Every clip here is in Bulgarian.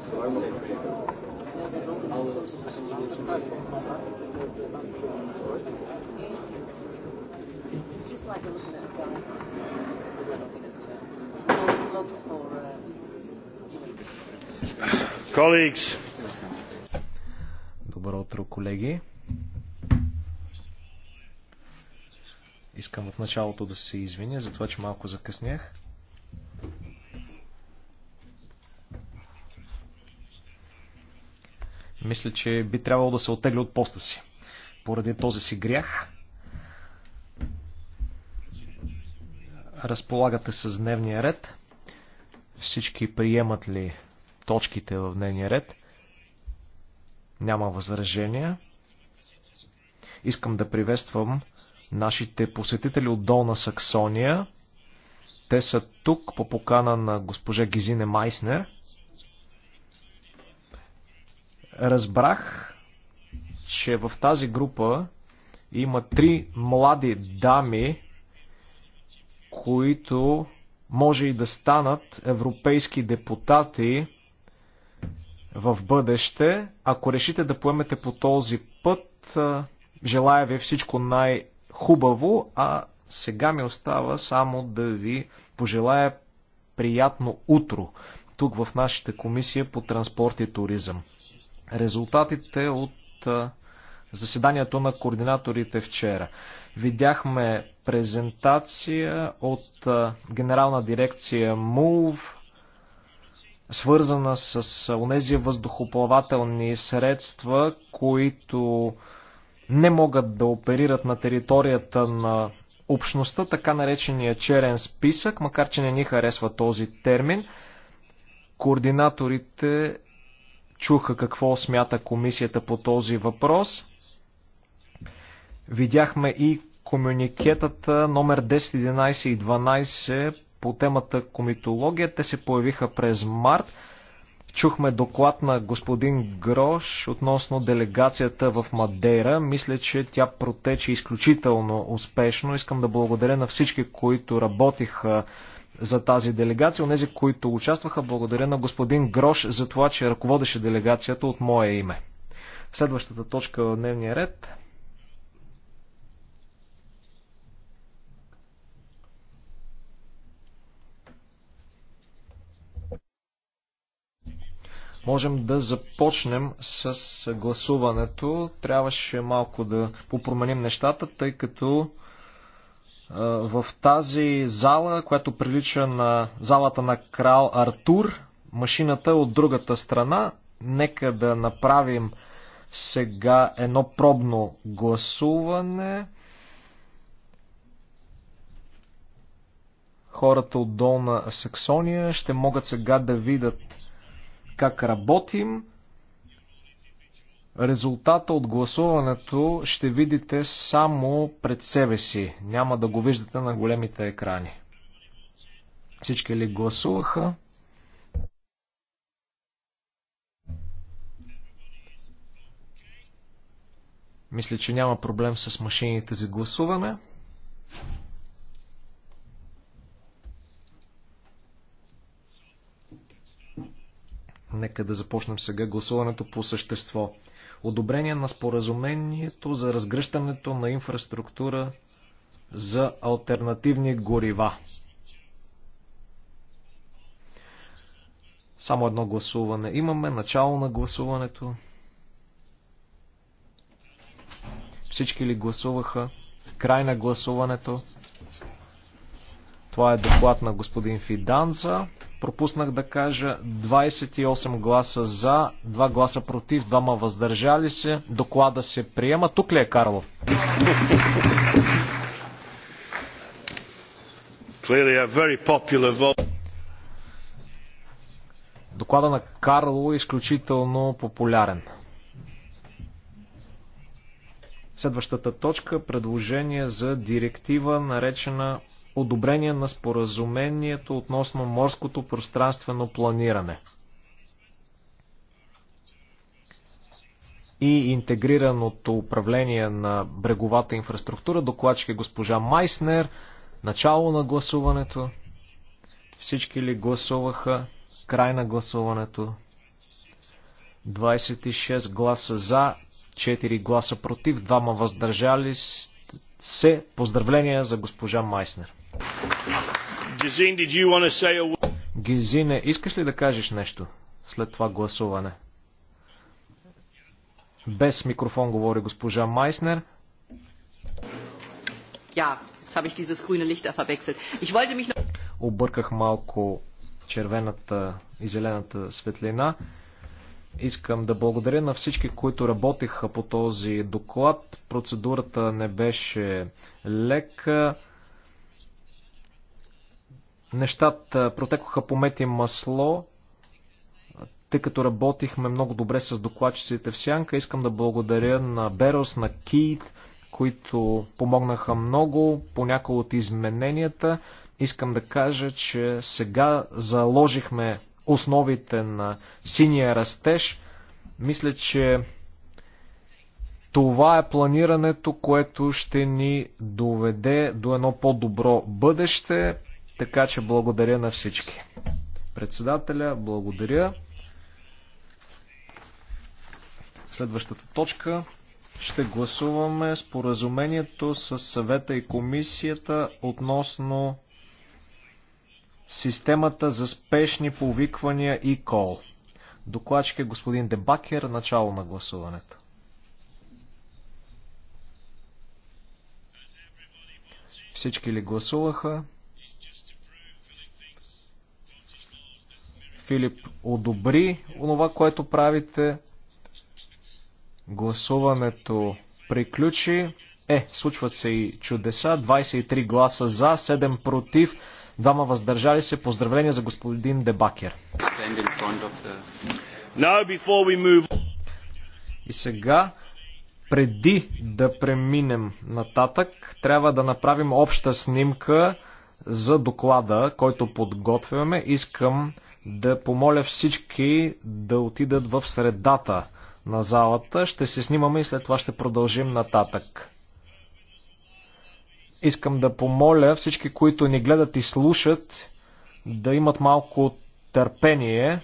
It's colleagues. Добро утро, колеги. Искам в началото да се извиня за това, че малко закъснях. Мисля, че би трябвало да се отегли от поста си. Поради този си грях разполагате с дневния ред. Всички приемат ли точките в дневния ред? Няма възражения. Искам да приветствам нашите посетители от Долна Саксония. Те са тук по покана на госпожа Гизине Майснер. Разбрах, че в тази група има три млади дами, които може и да станат европейски депутати в бъдеще. Ако решите да поемете по този път, желая ви всичко най-хубаво, а сега ми остава само да ви пожелая приятно утро тук в нашата комисия по транспорт и туризъм резултатите от заседанието на координаторите вчера. Видяхме презентация от генерална дирекция МУВ, свързана с онези въздухоплавателни средства, които не могат да оперират на територията на общността, така наречения черен списък, макар че не ни харесва този термин. Координаторите чуха какво смята комисията по този въпрос. Видяхме и комуникетата номер 10, 11 и 12 по темата комитология. Те се появиха през март. Чухме доклад на господин Грош относно делегацията в Мадейра. Мисля, че тя протече изключително успешно. Искам да благодаря на всички, които работиха за тази делегация. Онези, които участваха, благодаря на господин Грош за това, че ръководеше делегацията от мое име. Следващата точка в дневния ред. можем да започнем с гласуването. Трябваше малко да попроменим нещата, тъй като в тази зала, която прилича на залата на крал Артур. Машината е от другата страна. Нека да направим сега едно пробно гласуване. Хората от долна Саксония ще могат сега да видят как работим. Резултата от гласуването ще видите само пред себе си. Няма да го виждате на големите екрани. Всички ли гласуваха? Мисля, че няма проблем с машините за гласуване. Нека да започнем сега гласуването по същество одобрение на споразумението за разгръщането на инфраструктура за альтернативни горива. Само едно гласуване. Имаме начало на гласуването. Всички ли гласуваха? Край на гласуването. Това е доклад на господин Фиданца пропуснах да кажа 28 гласа за, 2 гласа против, 2 въздържали се. Доклада се приема. Тук ли е Карлов? Доклада на Карло е изключително популярен. Следващата точка предложение за директива, наречена одобрение на споразумението относно морското пространствено планиране и интегрираното управление на бреговата инфраструктура. Докладчик е госпожа Майснер. Начало на гласуването. Всички ли гласуваха? Край на гласуването. 26 гласа за, 4 гласа против, 2 въздържали се. Поздравления за госпожа Майснер. Гизине, искаш ли да кажеш нещо след това гласуване? Без микрофон говори госпожа Майснер. Ja, jetzt habe ich dieses grüne Licht da verwechselt. Ich wollte mich noch... Обърках малко червената и зелената светлина. Искам да благодаря на всички, които работеха по този доклад. Процедурата не беше лека. Нещата протекоха по мети масло, тъй като работихме много добре с докладчиците в Сянка. Искам да благодаря на Берос, на Кит, които помогнаха много по някои от измененията. Искам да кажа, че сега заложихме основите на синия растеж. Мисля, че това е планирането, което ще ни доведе до едно по-добро бъдеще. Така че благодаря на всички. Председателя, благодаря. Следващата точка ще гласуваме споразумението с съвета и комисията относно системата за спешни повиквания и кол. Докладчик е господин Дебакер, начало на гласуването. Всички ли гласуваха? Филип одобри онова, което правите. Гласуването приключи. Е, случват се и чудеса. 23 гласа за, 7 против, 2 въздържали се. Поздравления за господин Дебакер. И сега, преди да преминем нататък, трябва да направим обща снимка за доклада, който подготвяме. Искам да помоля всички да отидат в средата на залата. Ще се снимаме и след това ще продължим нататък. Искам да помоля всички, които ни гледат и слушат, да имат малко търпение.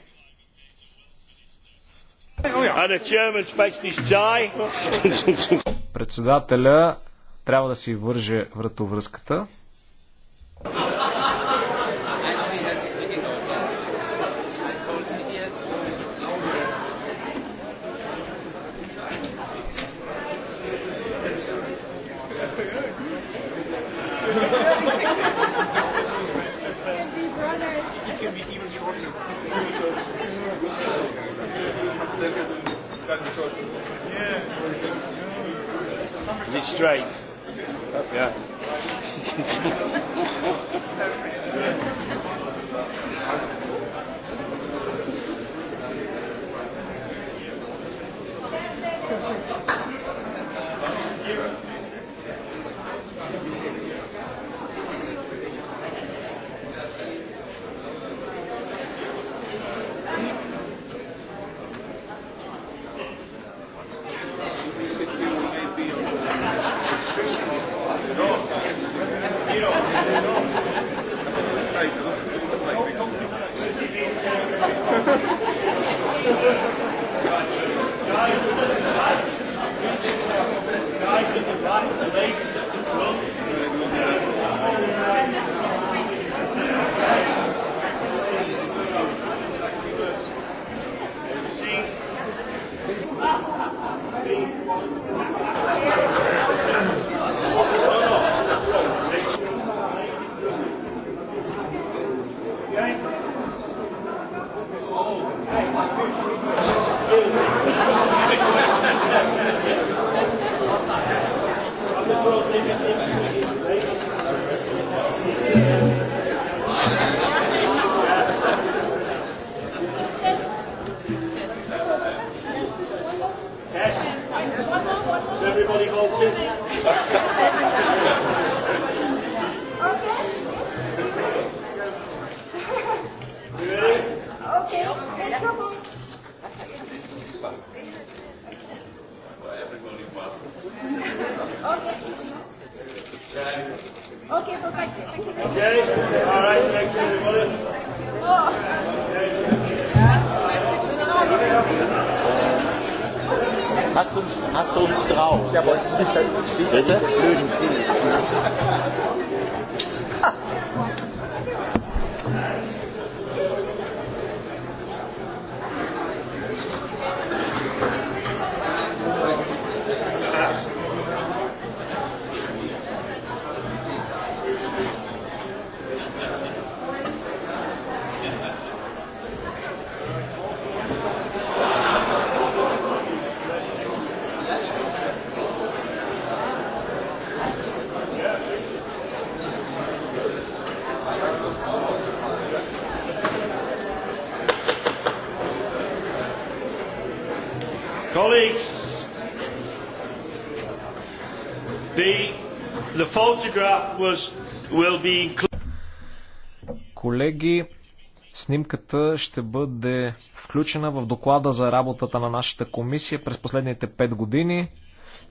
Председателя трябва да си върже вратовръзката. because it straight? Yeah. Колеги, снимката ще бъде включена в доклада за работата на нашата комисия през последните 5 години.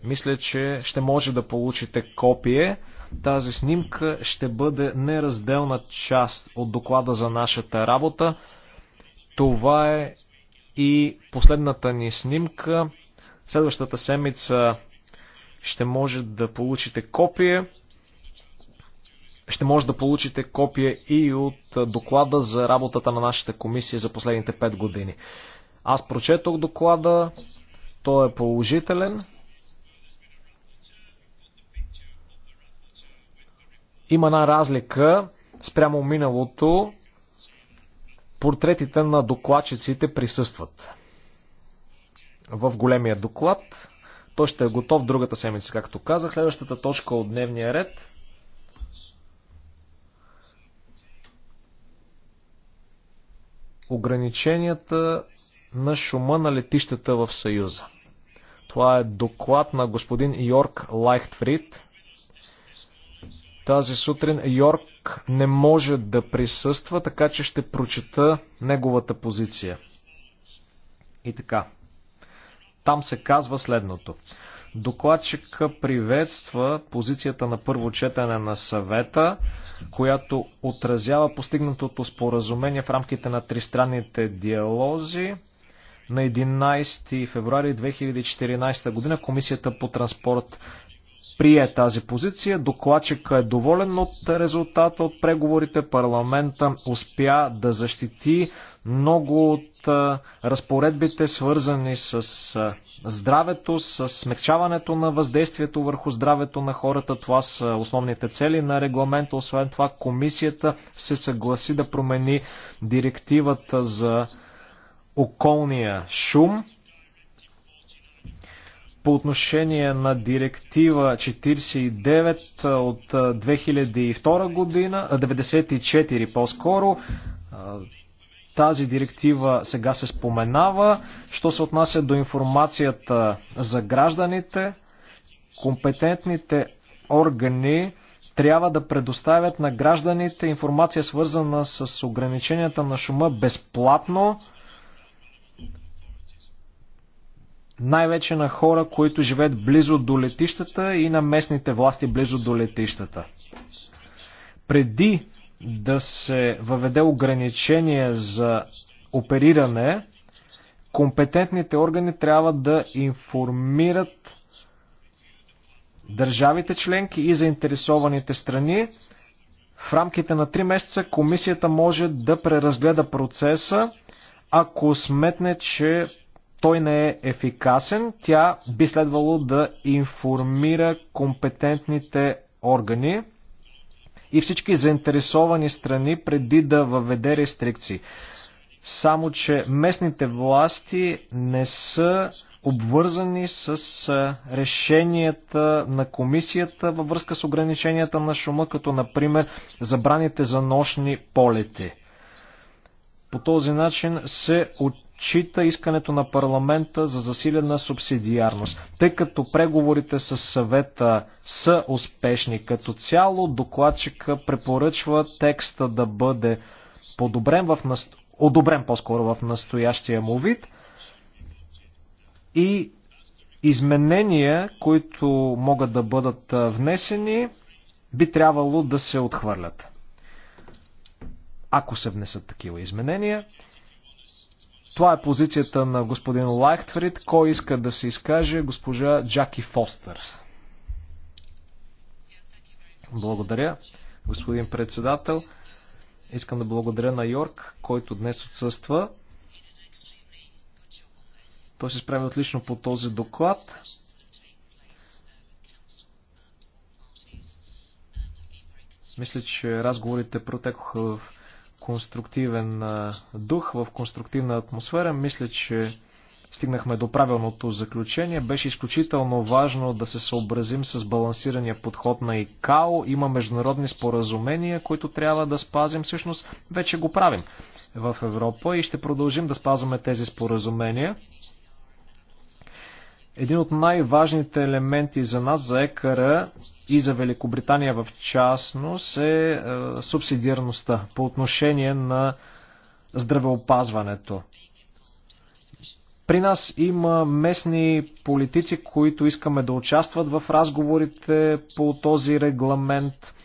Мисля, че ще може да получите копие. Тази снимка ще бъде неразделна част от доклада за нашата работа. Това е и последната ни снимка. Следващата седмица ще може да получите копие ще може да получите копия и от доклада за работата на нашата комисия за последните 5 години. Аз прочетох доклада, той е положителен. Има една разлика спрямо миналото. Портретите на докладчиците присъстват в големия доклад. Той ще е готов другата седмица, както казах. Следващата точка от дневния ред ограниченията на шума на летищата в Съюза. Това е доклад на господин Йорк Лайхтфрид. Тази сутрин Йорк не може да присъства, така че ще прочета неговата позиция. И така. Там се казва следното. Докладчика приветства позицията на първо четене на съвета, която отразява постигнатото споразумение в рамките на тристранните диалози. На 11 февруари 2014 година Комисията по транспорт прие тази позиция. Докладчика е доволен от резултата от преговорите. Парламента успя да защити много от разпоредбите, свързани с здравето, с смягчаването на въздействието върху здравето на хората. Това са основните цели на регламента. Освен това, комисията се съгласи да промени директивата за околния шум по отношение на директива 49 от 2002 година, 94 по-скоро. Тази директива сега се споменава. Що се отнася до информацията за гражданите, компетентните органи трябва да предоставят на гражданите информация свързана с ограниченията на шума безплатно най-вече на хора, които живеят близо до летищата и на местните власти близо до летищата. Преди да се въведе ограничение за опериране, компетентните органи трябва да информират държавите членки и заинтересованите страни. В рамките на 3 месеца комисията може да преразгледа процеса, ако сметне, че той не е ефикасен, тя би следвало да информира компетентните органи и всички заинтересовани страни преди да въведе рестрикции. Само, че местните власти не са обвързани с решенията на комисията във връзка с ограниченията на шума, като например забраните за нощни полети. По този начин се от отчита искането на парламента за засилена субсидиарност. Тъй като преговорите с съвета са успешни като цяло, докладчика препоръчва текста да бъде подобрен в наст... одобрен по-скоро в настоящия му вид и изменения, които могат да бъдат внесени, би трябвало да се отхвърлят. Ако се внесат такива изменения, това е позицията на господин Лайхтфрид. Кой иска да се изкаже? Госпожа Джаки Фостер. Благодаря, господин председател. Искам да благодаря на Йорк, който днес отсъства. Той се справи отлично по този доклад. Мисля, че разговорите протекоха в конструктивен дух, в конструктивна атмосфера. Мисля, че стигнахме до правилното заключение. Беше изключително важно да се съобразим с балансирания подход на ИКАО. Има международни споразумения, които трябва да спазим. Всъщност вече го правим в Европа и ще продължим да спазваме тези споразумения. Един от най-важните елементи за нас, за ЕКР и за Великобритания в частност е, е субсидиарността по отношение на здравеопазването. При нас има местни политици, които искаме да участват в разговорите по този регламент.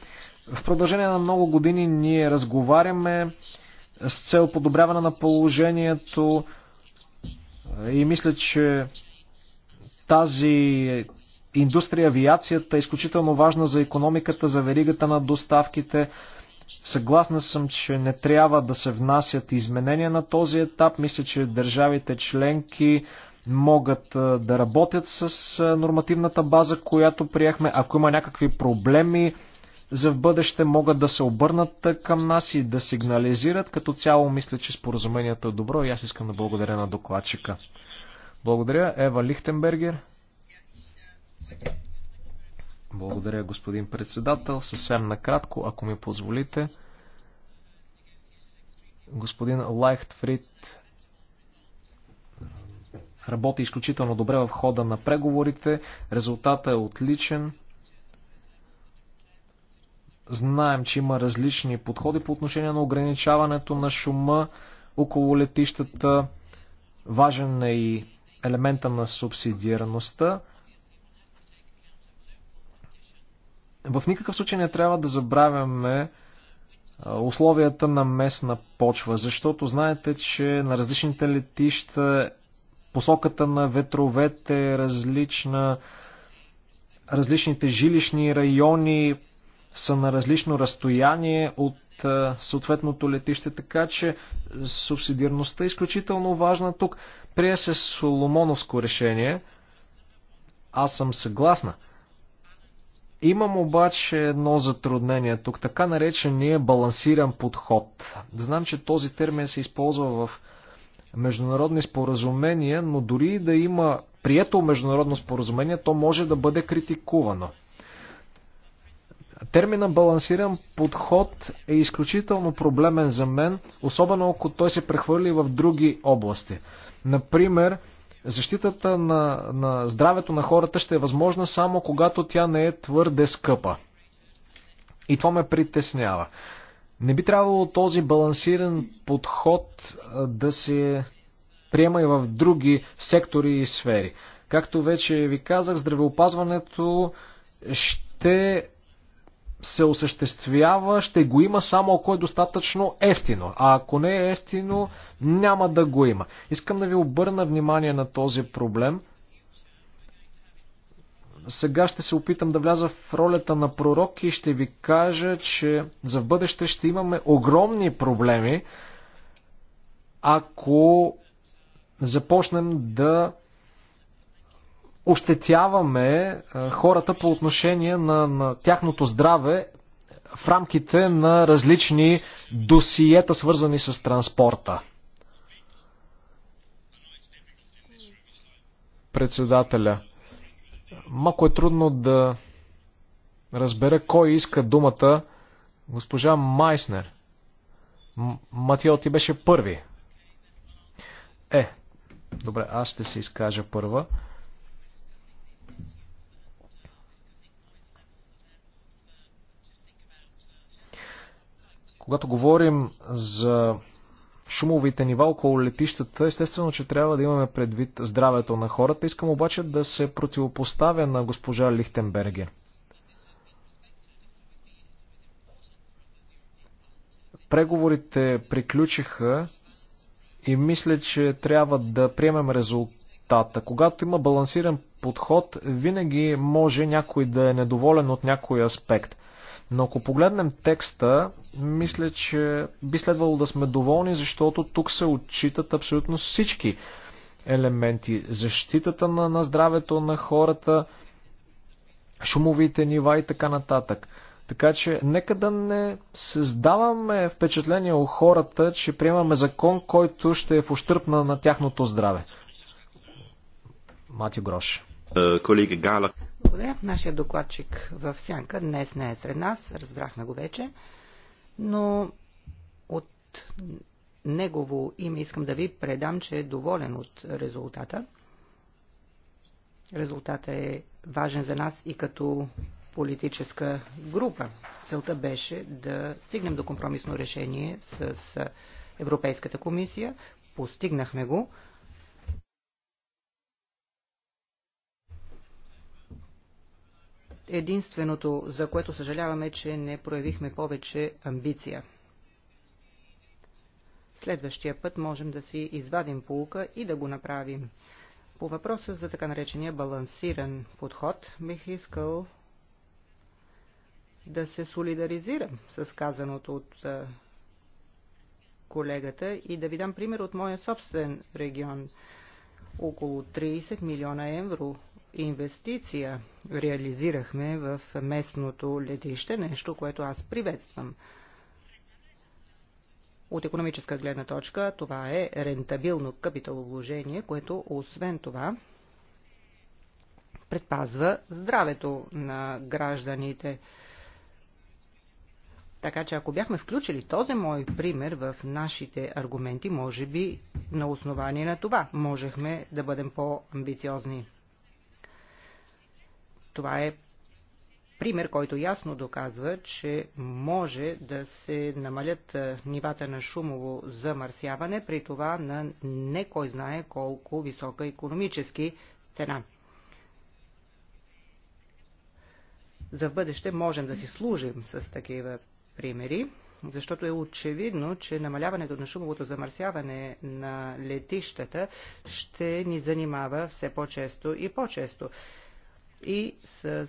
В продължение на много години ние разговаряме с цел подобряване на положението и мисля, че тази индустрия, авиацията е изключително важна за економиката, за веригата на доставките. Съгласна съм, че не трябва да се внасят изменения на този етап. Мисля, че държавите членки могат да работят с нормативната база, която приехме. Ако има някакви проблеми за в бъдеще, могат да се обърнат към нас и да сигнализират. Като цяло мисля, че споразумението е добро и аз искам да благодаря на докладчика. Благодаря. Ева Лихтенбергер. Благодаря, господин председател. Съвсем накратко, ако ми позволите. Господин Лайхтфрид работи изключително добре в хода на преговорите. Резултатът е отличен. Знаем, че има различни подходи по отношение на ограничаването на шума около летищата. Важен е и елемента на субсидиарността. В никакъв случай не трябва да забравяме условията на местна почва, защото знаете, че на различните летища посоката на ветровете е различна, различните жилищни райони са на различно разстояние от е, съответното летище, така че субсидирността е изключително важна тук. Прие се Соломоновско решение. Аз съм съгласна. Имам обаче едно затруднение тук, така наречения балансиран подход. Знам, че този термин се използва в международни споразумения, но дори да има прието международно споразумение, то може да бъде критикувано. Термина балансиран подход е изключително проблемен за мен, особено ако той се прехвърли в други области. Например, защитата на, на здравето на хората ще е възможна само когато тя не е твърде скъпа. И това ме притеснява. Не би трябвало този балансиран подход да се приема и в други сектори и сфери. Както вече ви казах, здравеопазването ще се осъществява, ще го има само ако е достатъчно ефтино. А ако не е ефтино, няма да го има. Искам да ви обърна внимание на този проблем. Сега ще се опитам да вляза в ролята на пророк и ще ви кажа, че за бъдеще ще имаме огромни проблеми, ако започнем да ощетяваме хората по отношение на, на тяхното здраве в рамките на различни досиета, свързани с транспорта. Председателя. Малко е трудно да разбера кой иска думата. Госпожа Майснер. Матио, ти беше първи. Е, добре, аз ще се изкажа първа. Когато говорим за шумовите нива около летищата, естествено, че трябва да имаме предвид здравето на хората. Искам обаче да се противопоставя на госпожа Лихтенбергер. Преговорите приключиха и мисля, че трябва да приемем резултата. Когато има балансиран подход, винаги може някой да е недоволен от някой аспект – но ако погледнем текста, мисля, че би следвало да сме доволни, защото тук се отчитат абсолютно всички елементи. Защитата на, на здравето на хората, шумовите нива и така нататък. Така че нека да не създаваме впечатление у хората, че приемаме закон, който ще е в ущърпна на тяхното здраве. Матю Грош. Е, колега Гала. Благодаря. Нашия докладчик в Сянка днес не е сред нас, разбрахме го вече, но от негово име искам да ви предам, че е доволен от резултата. Резултата е важен за нас и като политическа група. Целта беше да стигнем до компромисно решение с Европейската комисия. Постигнахме го. Единственото, за което съжаляваме, е, че не проявихме повече амбиция. Следващия път можем да си извадим полука и да го направим. По въпроса за така наречения балансиран подход бих искал да се солидаризирам с казаното от колегата и да ви дам пример от моя собствен регион. Около 30 милиона евро инвестиция реализирахме в местното летище, нещо, което аз приветствам. От економическа гледна точка това е рентабилно капиталовложение, което освен това предпазва здравето на гражданите. Така че ако бяхме включили този мой пример в нашите аргументи, може би на основание на това можехме да бъдем по-амбициозни. Това е пример, който ясно доказва, че може да се намалят нивата на шумово замърсяване, при това на не кой знае колко висока економически цена. За в бъдеще можем да си служим с такива примери, защото е очевидно, че намаляването на шумовото замърсяване на летищата ще ни занимава все по-често и по-често и с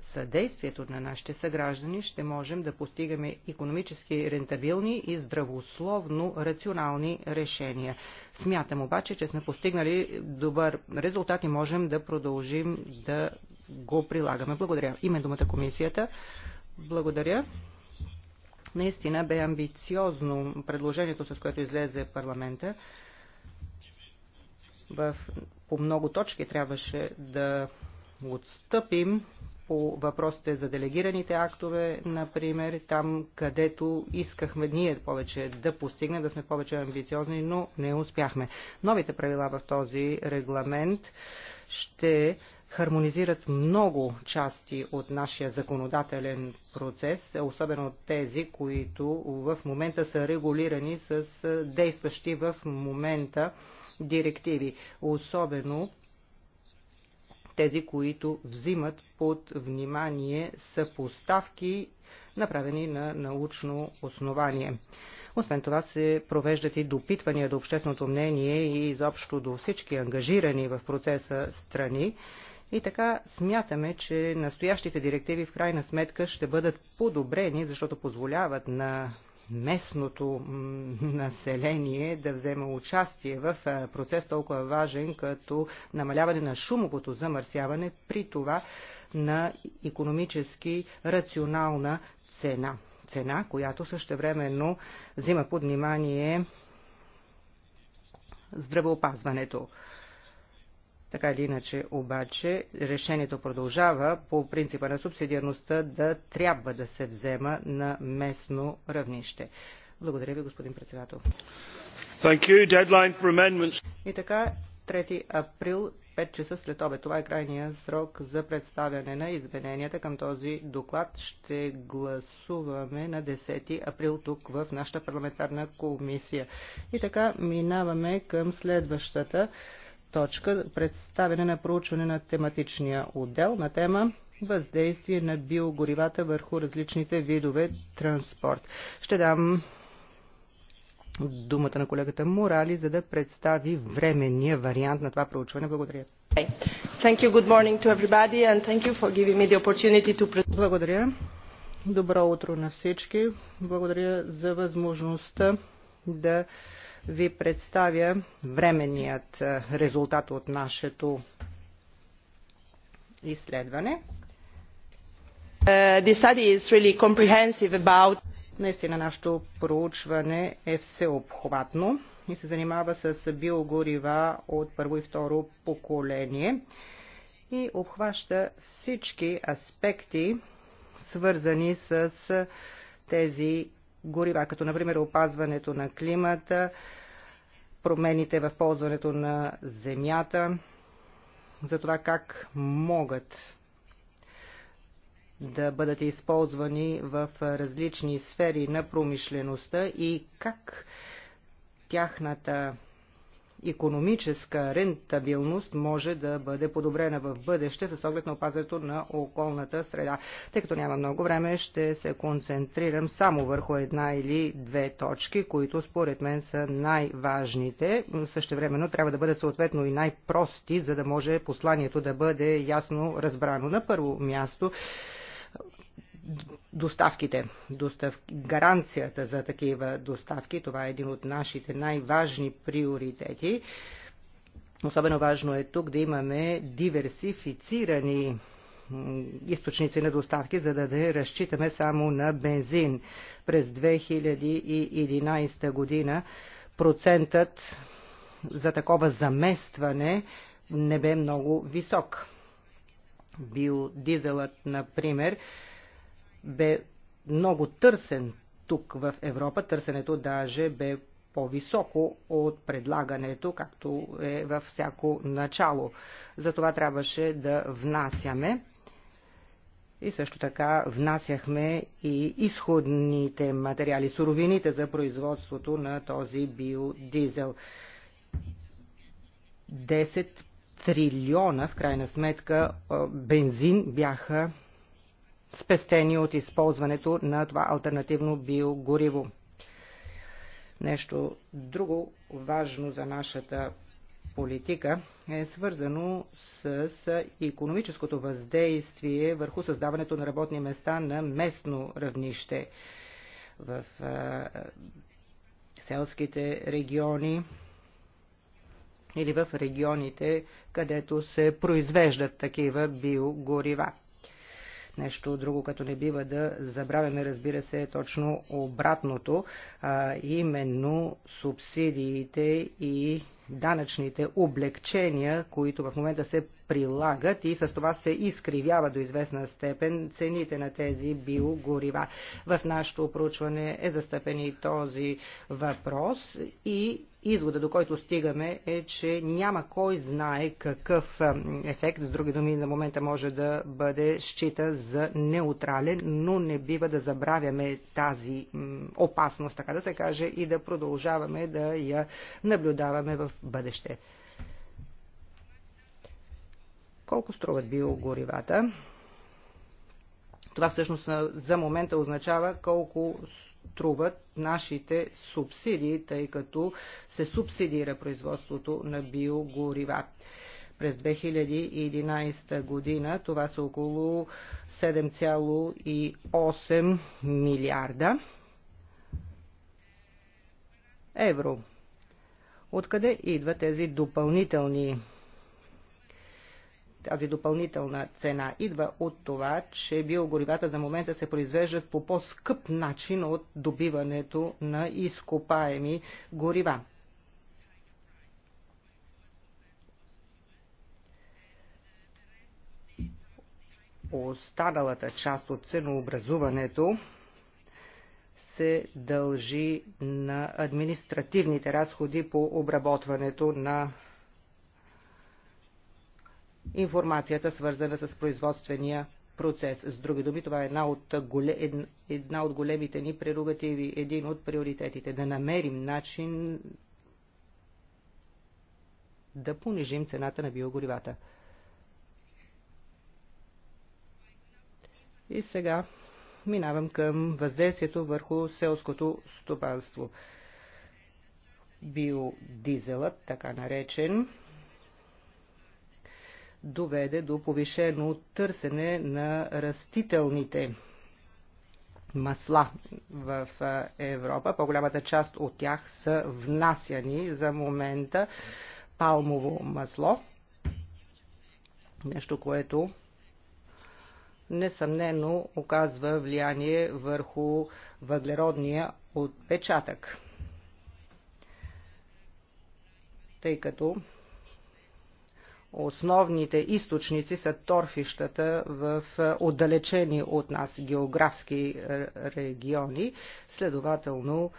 съдействието на нашите съграждани ще можем да постигаме економически рентабилни и здравословно рационални решения. Смятам обаче, че сме постигнали добър резултат и можем да продължим да го прилагаме. Благодаря. Име думата комисията. Благодаря. Наистина бе амбициозно предложението, с което излезе парламента. В, по много точки трябваше да отстъпим по въпросите за делегираните актове, например, там където искахме ние повече да постигнем, да сме повече амбициозни, но не успяхме. Новите правила в този регламент ще хармонизират много части от нашия законодателен процес, особено тези, които в момента са регулирани с действащи в момента директиви. Особено тези, които взимат под внимание съпоставки, направени на научно основание. Освен това се провеждат и допитвания до общественото мнение и изобщо до всички ангажирани в процеса страни, и така смятаме, че настоящите директиви в крайна сметка ще бъдат подобрени, защото позволяват на местното население да взема участие в процес толкова важен като намаляване на шумовото замърсяване, при това на економически рационална цена. Цена, която същевременно взима под внимание здравеопазването. Така или иначе, обаче, решението продължава по принципа на субсидиарността да трябва да се взема на местно равнище. Благодаря ви, господин председател. И така, 3 април 5 часа след обед. Това е крайния срок за представяне на измененията към този доклад. Ще гласуваме на 10 април тук в нашата парламентарна комисия. И така минаваме към следващата точка представяне на проучване на тематичния отдел на тема въздействие на биогоривата върху различните видове транспорт. Ще дам думата на колегата Морали, за да представи временния вариант на това проучване. Благодаря. To... Благодаря. Добро утро на всички. Благодаря за възможността да ви представя временният е, резултат от нашето изследване. Uh, really about... Наистина нашето проучване е всеобхватно и се занимава с биогорива от първо и второ поколение и обхваща всички аспекти, свързани с тези горива, като например опазването на климата, промените в ползването на земята, за това как могат да бъдат използвани в различни сфери на промишлеността и как тяхната економическа рентабилност може да бъде подобрена в бъдеще с оглед на опазването на околната среда. Тъй като няма много време, ще се концентрирам само върху една или две точки, които според мен са най-важните. Същевременно трябва да бъдат съответно и най-прости, за да може посланието да бъде ясно разбрано. На първо място доставките, достав, гаранцията за такива доставки. Това е един от нашите най-важни приоритети. Особено важно е тук да имаме диверсифицирани източници на доставки, за да не разчитаме само на бензин. През 2011 година процентът за такова заместване не бе много висок. Биодизелът, например, бе много търсен тук в Европа. Търсенето даже бе по-високо от предлагането, както е във всяко начало. Затова трябваше да внасяме и също така внасяхме и изходните материали, суровините за производството на този биодизел. 10 трилиона, в крайна сметка, бензин бяха спестени от използването на това альтернативно биогориво. Нещо друго важно за нашата политика е свързано с економическото въздействие върху създаването на работни места на местно равнище в селските региони или в регионите, където се произвеждат такива биогорива. Нещо друго, като не бива да забравяме, разбира се, е точно обратното, а именно субсидиите и данъчните облегчения, които в момента се прилагат и с това се изкривява до известна степен цените на тези биогорива. В нашето проучване е застъпен и този въпрос и Извода, до който стигаме е, че няма кой знае какъв ефект, с други думи на момента може да бъде счита за неутрален, но не бива да забравяме тази опасност, така да се каже, и да продължаваме да я наблюдаваме в бъдеще. Колко струват биогоривата? Това всъщност за момента означава колко струват нашите субсидии, тъй като се субсидира производството на биогорива. През 2011 година това са около 7,8 милиарда евро. Откъде идват тези допълнителни тази допълнителна цена идва от това, че биогоривата за момента се произвеждат по по-скъп начин от добиването на изкопаеми горива. Останалата част от ценообразуването се дължи на административните разходи по обработването на информацията, свързана с производствения процес. С други думи, това е една от, голем, една от големите ни прерогативи, един от приоритетите. Да намерим начин да понижим цената на биогоривата. И сега минавам към въздействието върху селското стопанство. Биодизелът, така наречен, доведе до повишено търсене на растителните масла в Европа. По-голямата част от тях са внасяни за момента палмово масло. Нещо, което несъмнено оказва влияние върху въглеродния отпечатък. Тъй като Основните източници са торфищата в е, отдалечени от нас географски е, региони. Следователно,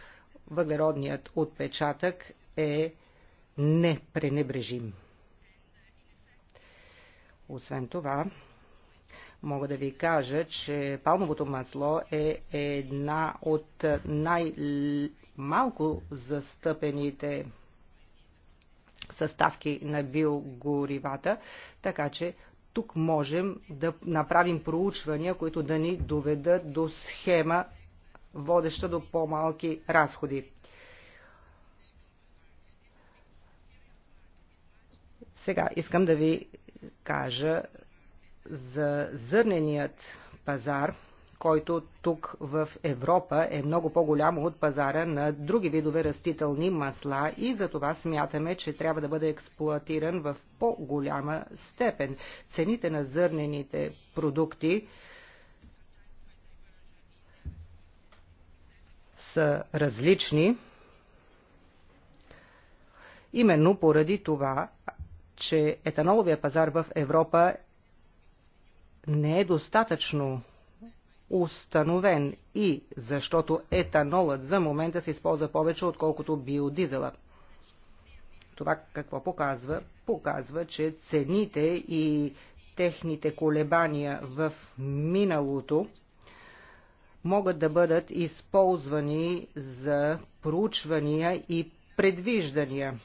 въглеродният отпечатък е непренебрежим. Освен това, мога да ви кажа, че палмовото масло е една от най-малко застъпените съставки на биогоривата, така че тук можем да направим проучвания, които да ни доведат до схема, водеща до по-малки разходи. Сега искам да ви кажа за зърненият пазар – който тук в Европа е много по-голям от пазара на други видове растителни масла и за това смятаме, че трябва да бъде експлуатиран в по-голяма степен. Цените на зърнените продукти са различни, именно поради това, че етаноловия пазар в Европа не е достатъчно установен и защото етанолът за момента се използва повече, отколкото биодизела. Това какво показва? Показва, че цените и техните колебания в миналото могат да бъдат използвани за проучвания и предвиждания.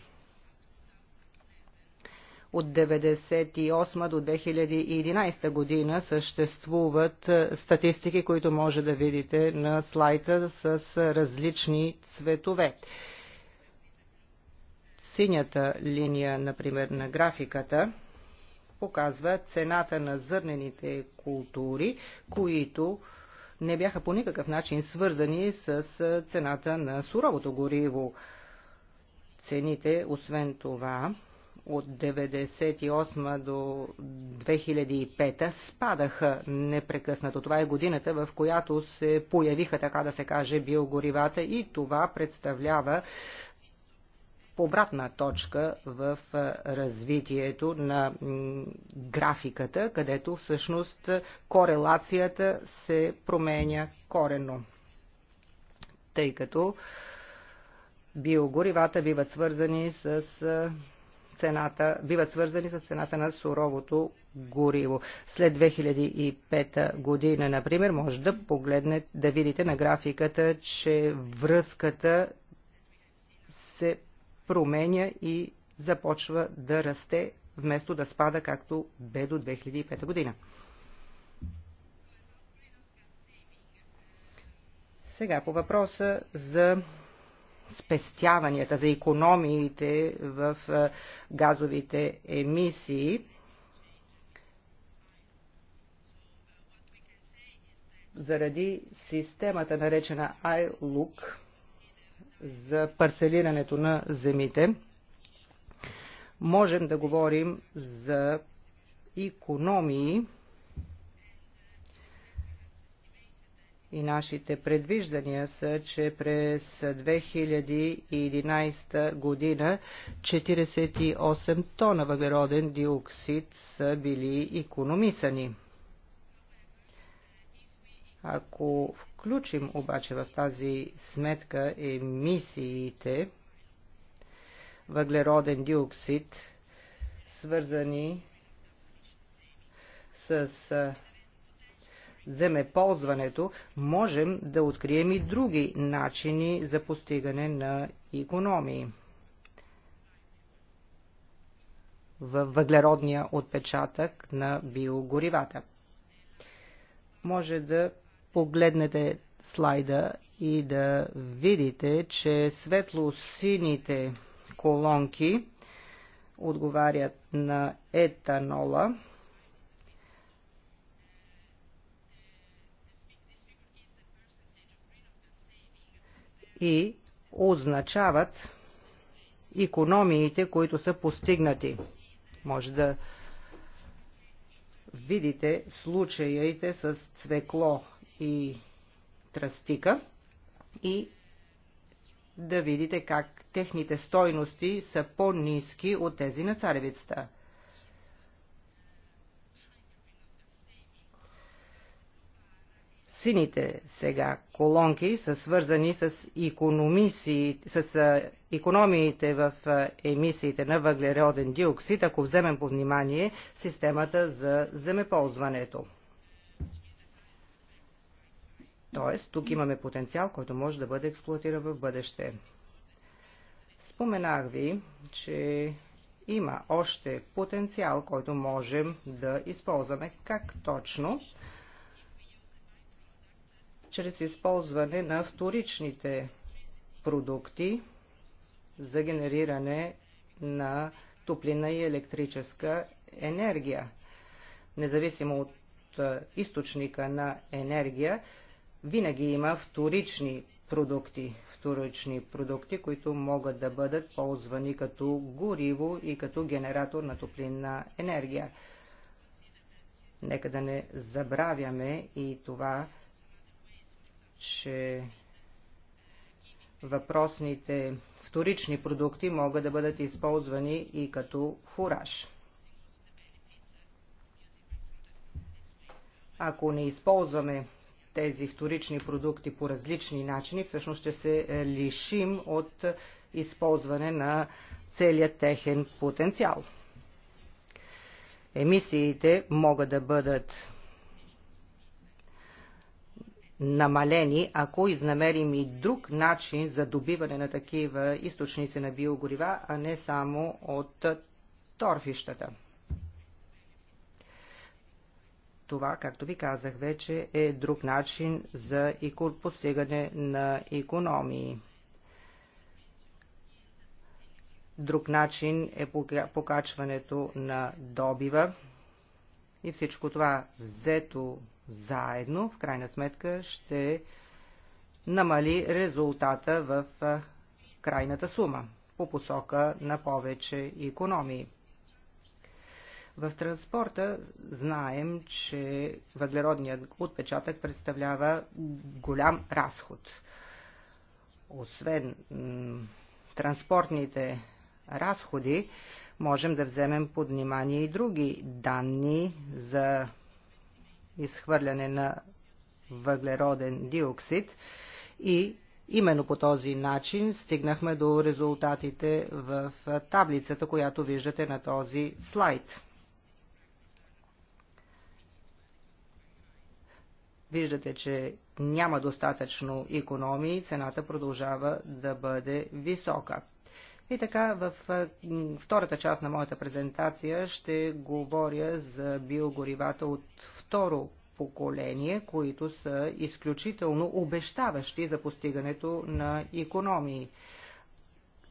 От 1998 до 2011 година съществуват е, статистики, които може да видите на слайда с различни цветове. Синята линия, например, на графиката показва цената на зърнените култури, които не бяха по никакъв начин свързани с е, цената на суровото гориво. Цените, освен това, от 1998 до 2005 спадаха непрекъснато. Това е годината, в която се появиха, така да се каже, биогоривата и това представлява обратна точка в развитието на графиката, където всъщност корелацията се променя корено. Тъй като биогоривата биват свързани с цената, биват свързани с цената на суровото гориво. След 2005 година, например, може да погледнете, да видите на графиката, че връзката се променя и започва да расте, вместо да спада, както бе до 2005 година. Сега по въпроса за спестяванията, за економиите в газовите емисии. Заради системата, наречена iLook, за парцелирането на земите, можем да говорим за економии, и нашите предвиждания са, че през 2011 година 48 тона въглероден диоксид са били економисани. Ако включим обаче в тази сметка емисиите въглероден диоксид, свързани с земеползването, можем да открием и други начини за постигане на економии. във въглеродния отпечатък на биогоривата. Може да погледнете слайда и да видите, че светло-сините колонки отговарят на етанола – и означават економиите, които са постигнати. Може да видите случаите с цвекло и тръстика и да видите как техните стойности са по-низки от тези на царевицата. сините сега колонки са свързани с, с економиите в емисиите на въглероден диоксид, ако вземем по внимание системата за земеползването. Тоест, тук имаме потенциал, който може да бъде експлуатиран в бъдеще. Споменах ви, че има още потенциал, който можем да използваме. Как точно? чрез използване на вторичните продукти за генериране на топлина и електрическа енергия. Независимо от източника на енергия, винаги има вторични продукти, вторични продукти, които могат да бъдат ползвани като гориво и като генератор на топлинна енергия. Нека да не забравяме и това, че въпросните вторични продукти могат да бъдат използвани и като фураж. Ако не използваме тези вторични продукти по различни начини, всъщност ще се лишим от използване на целият техен потенциал. Емисиите могат да бъдат намалени, ако изнамерим и друг начин за добиване на такива източници на биогорива, а не само от торфищата. Това, както ви казах вече, е друг начин за постигане на економии. Друг начин е покачването на добива и всичко това взето заедно, в крайна сметка ще намали резултата в крайната сума по посока на повече економии. В транспорта знаем, че въглеродният отпечатък представлява голям разход. Освен транспортните разходи, можем да вземем под внимание и други данни за изхвърляне на въглероден диоксид и именно по този начин стигнахме до резултатите в таблицата, която виждате на този слайд. Виждате, че няма достатъчно економии, цената продължава да бъде висока. И така, в втората част на моята презентация ще говоря за биогоривата от второ поколение, които са изключително обещаващи за постигането на економии.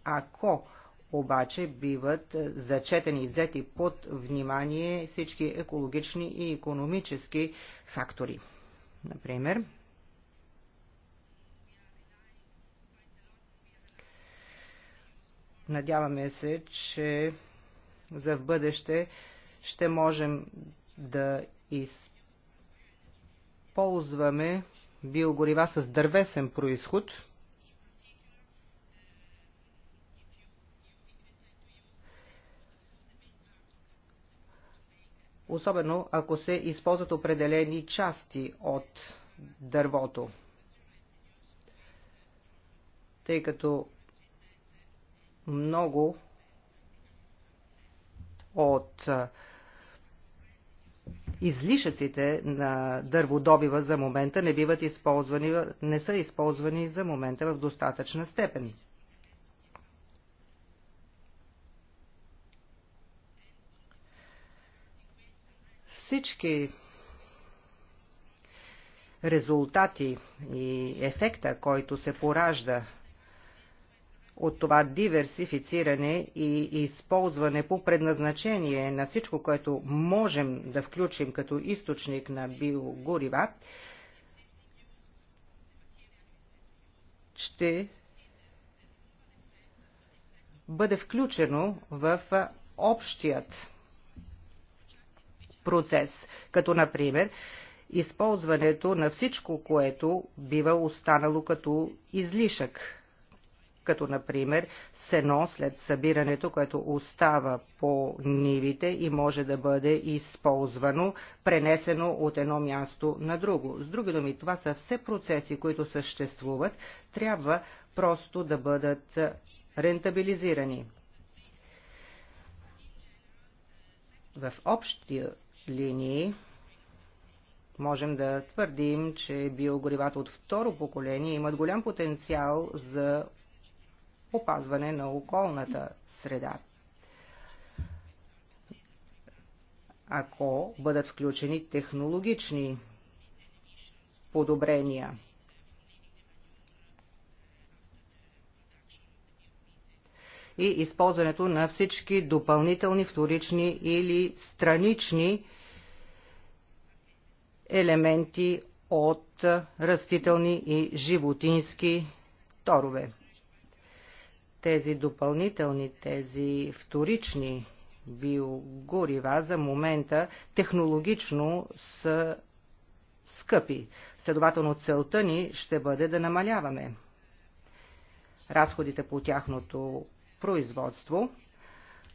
Ако обаче биват зачетени и взети под внимание всички екологични и економически фактори. Например, Надяваме се, че за в бъдеще ще можем да използваме биогорива с дървесен происход. Особено ако се използват определени части от дървото. Тъй като много от излишъците на дърводобива за момента не биват използвани, не са използвани за момента в достатъчна степен. Всички резултати и ефекта, който се поражда от това диверсифициране и използване по предназначение на всичко, което можем да включим като източник на биогорива, ще бъде включено в общият процес, като например използването на всичко, което бива останало като излишък като например сено след събирането, което остава по нивите и може да бъде използвано, пренесено от едно място на друго. С други думи, това са все процеси, които съществуват, трябва просто да бъдат рентабилизирани. В общи линии Можем да твърдим, че биогоривата от второ поколение имат голям потенциал за опазване на околната среда. Ако бъдат включени технологични подобрения. и използването на всички допълнителни, вторични или странични елементи от растителни и животински торове тези допълнителни, тези вторични биогорива за момента технологично са скъпи. Следователно целта ни ще бъде да намаляваме разходите по тяхното производство,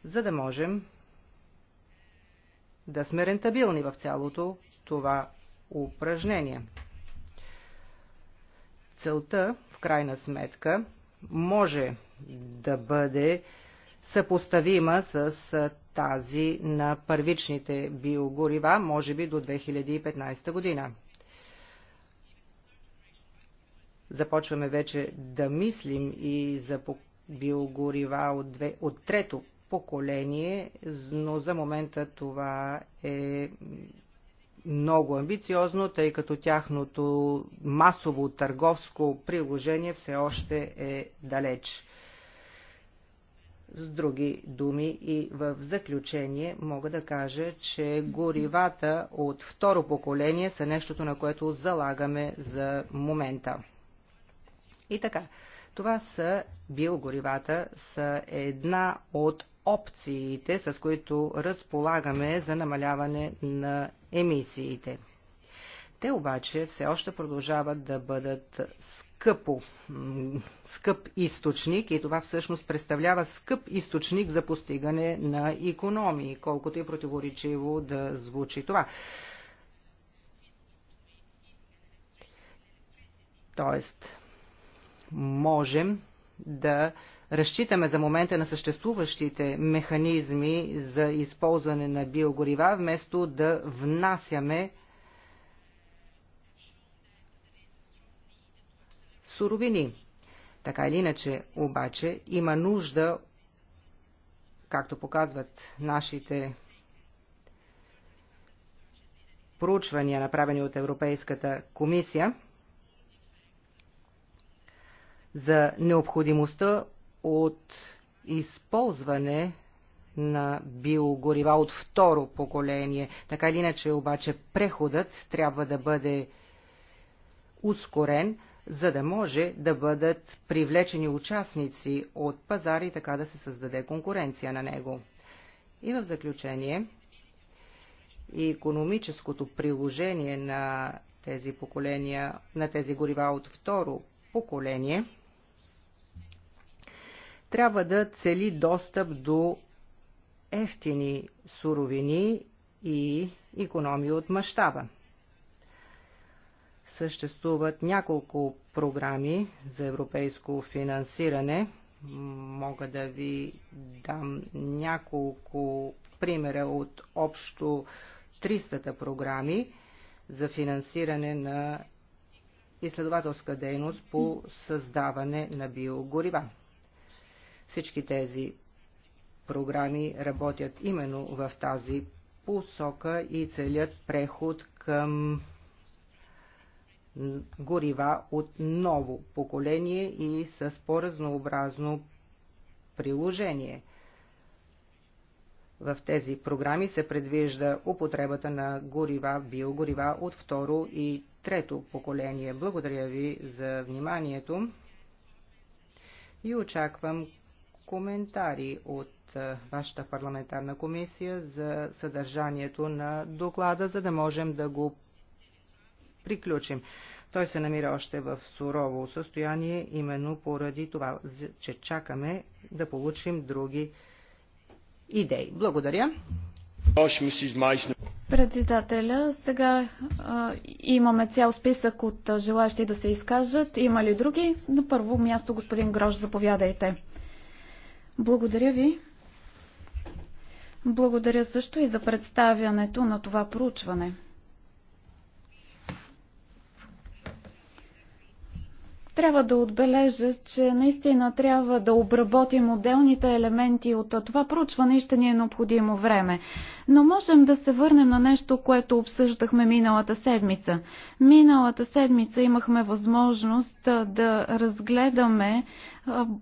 за да можем да сме рентабилни в цялото това упражнение. Целта, в крайна сметка, може да бъде съпоставима с тази на първичните биогорива, може би до 2015 година. Започваме вече да мислим и за биогорива от, две, от трето поколение, но за момента това е много амбициозно, тъй като тяхното масово търговско приложение все още е далеч. С други думи и в заключение мога да кажа, че горивата от второ поколение са нещото, на което залагаме за момента. И така, това са биогоривата, са една от опциите, с които разполагаме за намаляване на емисиите. Те обаче все още продължават да бъдат скъпо, скъп източник и това всъщност представлява скъп източник за постигане на економии, колкото и противоречиво да звучи това. Тоест, можем да разчитаме за момента на съществуващите механизми за използване на биогорива, вместо да внасяме суровини. Така или иначе, обаче, има нужда, както показват нашите проучвания, направени от Европейската комисия, за необходимостта от използване на биогорива от второ поколение. Така или иначе обаче преходът трябва да бъде ускорен, за да може да бъдат привлечени участници от пазари и така да се създаде конкуренция на него. И в заключение, и економическото приложение на тези поколения, на тези горива от второ поколение – трябва да цели достъп до ефтини суровини и економия от мащаба. Съществуват няколко програми за европейско финансиране. Мога да ви дам няколко примера от общо 300-та програми за финансиране на изследователска дейност по създаване на биогорива. Всички тези програми работят именно в тази посока и целят преход към горива от ново поколение и с по-разнообразно приложение. В тези програми се предвижда употребата на горива, биогорива от второ и трето поколение. Благодаря ви за вниманието и очаквам коментари от е, вашата парламентарна комисия за съдържанието на доклада, за да можем да го приключим. Той се намира още в сурово състояние, именно поради това, че чакаме да получим други идеи. Благодаря. Председателя, сега а, имаме цял списък от желащи да се изкажат. Има ли други? На първо място господин Грош, заповядайте. Благодаря ви. Благодаря също и за представянето на това проучване. Трябва да отбележа, че наистина трябва да обработим отделните елементи от това проучване и ще ни е необходимо време. Но можем да се върнем на нещо, което обсъждахме миналата седмица. Миналата седмица имахме възможност да разгледаме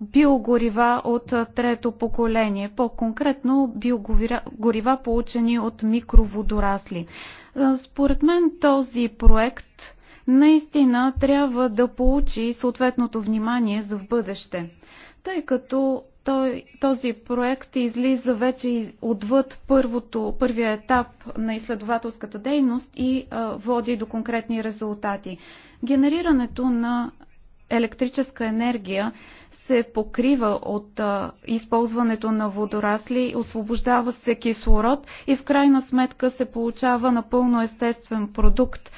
биогорива от трето поколение, по-конкретно биогорива получени от микроводорасли. Според мен този проект наистина трябва да получи съответното внимание за в бъдеще, тъй като той, този проект излиза вече отвъд първото, първия етап на изследователската дейност и а, води до конкретни резултати. Генерирането на електрическа енергия се покрива от а, използването на водорасли, освобождава се кислород и в крайна сметка се получава напълно естествен продукт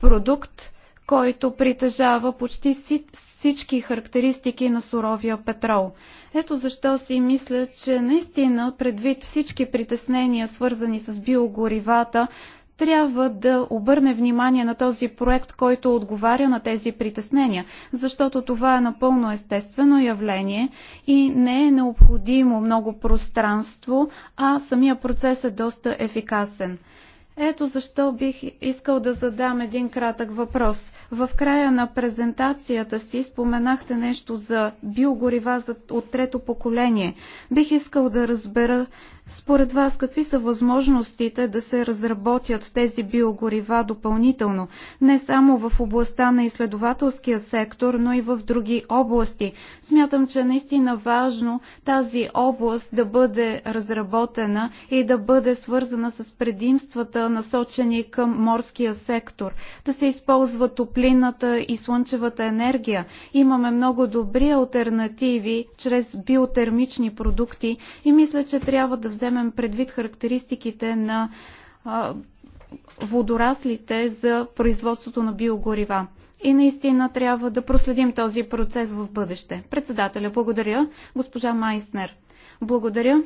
продукт, който притежава почти всички характеристики на суровия петрол. Ето защо си мисля, че наистина предвид всички притеснения, свързани с биогоривата, трябва да обърне внимание на този проект, който отговаря на тези притеснения, защото това е напълно естествено явление и не е необходимо много пространство, а самия процес е доста ефикасен. Ето защо бих искал да задам един кратък въпрос. В края на презентацията си споменахте нещо за биогорива от трето поколение. Бих искал да разбера според вас, какви са възможностите да се разработят тези биогорива допълнително, не само в областта на изследователския сектор, но и в други области? Смятам, че наистина важно тази област да бъде разработена и да бъде свързана с предимствата, насочени към морския сектор, да се използва топлината и слънчевата енергия. Имаме много добри альтернативи чрез биотермични продукти и мисля, че трябва да вземем предвид характеристиките на водораслите за производството на биогорива. И наистина трябва да проследим този процес в бъдеще. Председателя, благодаря. Госпожа Майснер, благодаря.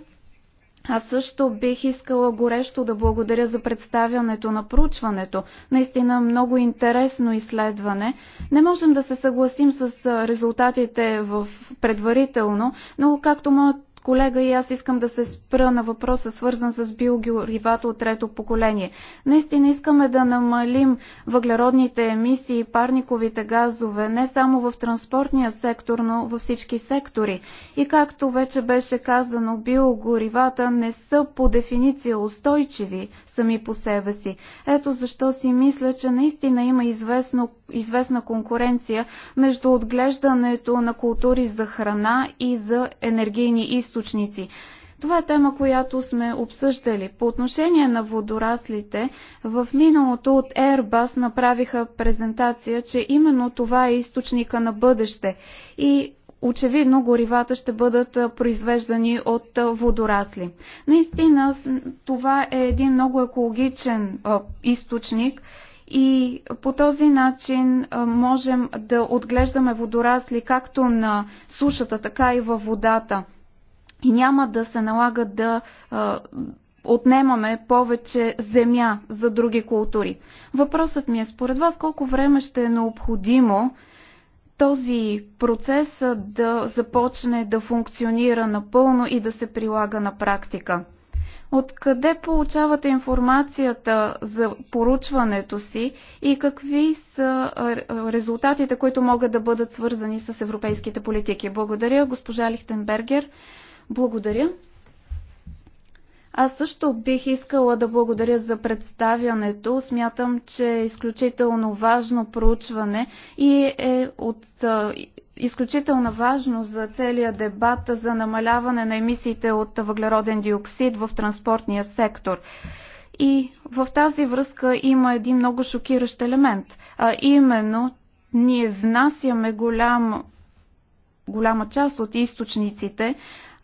Аз също бих искала горещо да благодаря за представянето на проучването. Наистина много интересно изследване. Не можем да се съгласим с резултатите в предварително, но както моят колега и аз искам да се спра на въпроса, свързан с биогоривата от трето поколение. Наистина искаме да намалим въглеродните емисии и парниковите газове не само в транспортния сектор, но във всички сектори. И както вече беше казано, биогоривата не са по дефиниция устойчиви, сами по себе си. Ето защо си мисля, че наистина има известно, известна конкуренция между отглеждането на култури за храна и за енергийни източници. Това е тема, която сме обсъждали. По отношение на водораслите, в миналото от Airbus направиха презентация, че именно това е източника на бъдеще. И очевидно горивата ще бъдат произвеждани от водорасли. Наистина това е един много екологичен източник и по този начин можем да отглеждаме водорасли както на сушата, така и във водата. И няма да се налага да отнемаме повече земя за други култури. Въпросът ми е според вас колко време ще е необходимо този процес да започне да функционира напълно и да се прилага на практика. Откъде получавате информацията за поручването си и какви са резултатите, които могат да бъдат свързани с европейските политики? Благодаря, госпожа Лихтенбергер. Благодаря. Аз също бих искала да благодаря за представянето. Смятам, че е изключително важно проучване и е от изключителна важност за целия дебат за намаляване на емисиите от въглероден диоксид в транспортния сектор. И в тази връзка има един много шокиращ елемент, а именно ние внасяме голям, голяма част от източниците,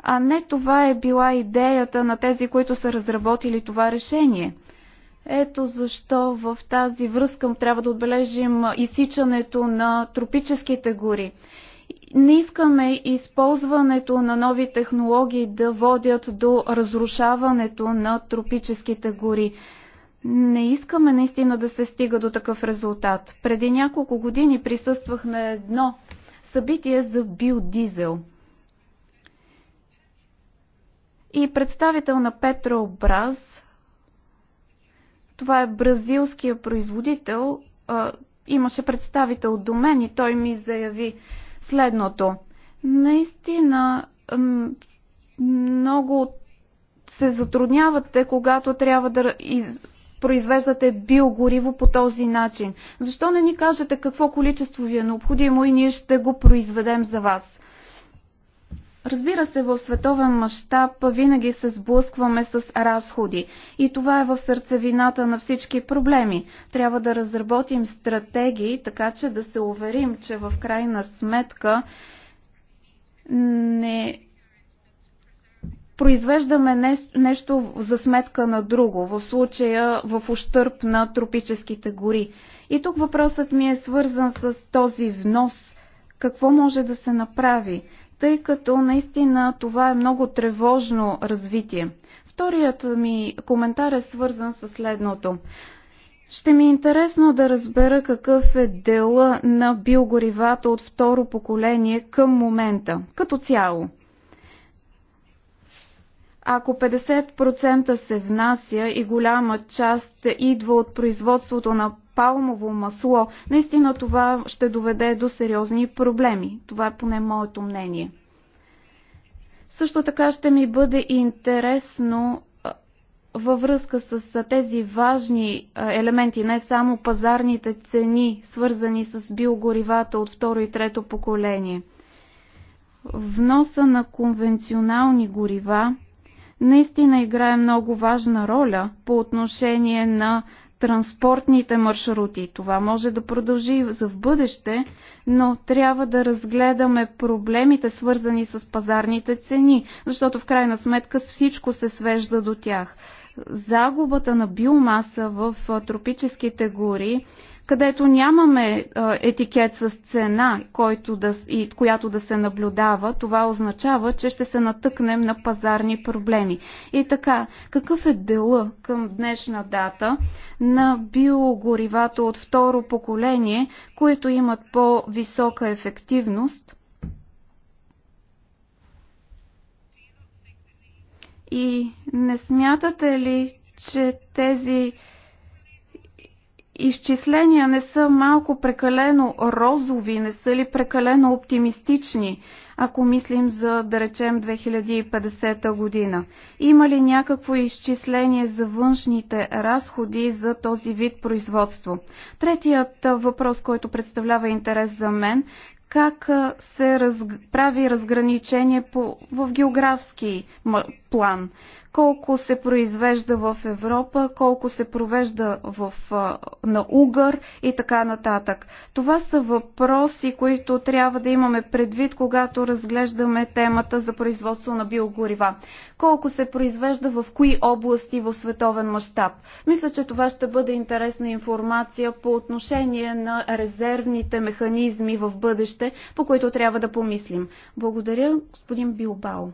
а не това е била идеята на тези, които са разработили това решение. Ето защо в тази връзка трябва да отбележим изсичането на тропическите гори. Не искаме използването на нови технологии да водят до разрушаването на тропическите гори. Не искаме наистина да се стига до такъв резултат. Преди няколко години присъствах на едно събитие за биодизел – и представител на Браз, Това е бразилския производител. Имаше представител до мен и той ми заяви следното. Наистина много се затруднявате, когато трябва да из... произвеждате биогориво по този начин. Защо не ни кажете какво количество ви е необходимо и ние ще го произведем за вас? Разбира се, в световен мащаб винаги се сблъскваме с разходи и това е в сърцевината на всички проблеми. Трябва да разработим стратегии, така че да се уверим, че в крайна сметка не произвеждаме нещо за сметка на друго, в случая в ущърп на тропическите гори. И тук въпросът ми е свързан с този внос. Какво може да се направи? тъй като наистина това е много тревожно развитие. Вторият ми коментар е свързан с следното. Ще ми е интересно да разбера какъв е дела на биогоривата от второ поколение към момента, като цяло. Ако 50% се внася и голяма част идва от производството на палмово масло, наистина това ще доведе до сериозни проблеми. Това е поне моето мнение. Също така ще ми бъде интересно във връзка с тези важни елементи, не само пазарните цени, свързани с биогоривата от второ и трето поколение. Вноса на конвенционални горива наистина играе много важна роля по отношение на транспортните маршрути. Това може да продължи за в бъдеще, но трябва да разгледаме проблемите, свързани с пазарните цени, защото в крайна сметка всичко се свежда до тях. Загубата на биомаса в тропическите гори където нямаме етикет с цена, който да, и, която да се наблюдава, това означава, че ще се натъкнем на пазарни проблеми. И така, какъв е дела към днешна дата на биогоривата от второ поколение, които имат по-висока ефективност? И не смятате ли, че тези изчисления не са малко прекалено розови, не са ли прекалено оптимистични, ако мислим за, да речем, 2050 година? Има ли някакво изчисление за външните разходи за този вид производство? Третият въпрос, който представлява интерес за мен, как се раз... прави разграничение по... в географски план? колко се произвежда в Европа, колко се провежда в, на Угър и така нататък. Това са въпроси, които трябва да имаме предвид, когато разглеждаме темата за производство на биогорива. Колко се произвежда в кои области в световен мащаб. Мисля, че това ще бъде интересна информация по отношение на резервните механизми в бъдеще, по които трябва да помислим. Благодаря, господин Билбао.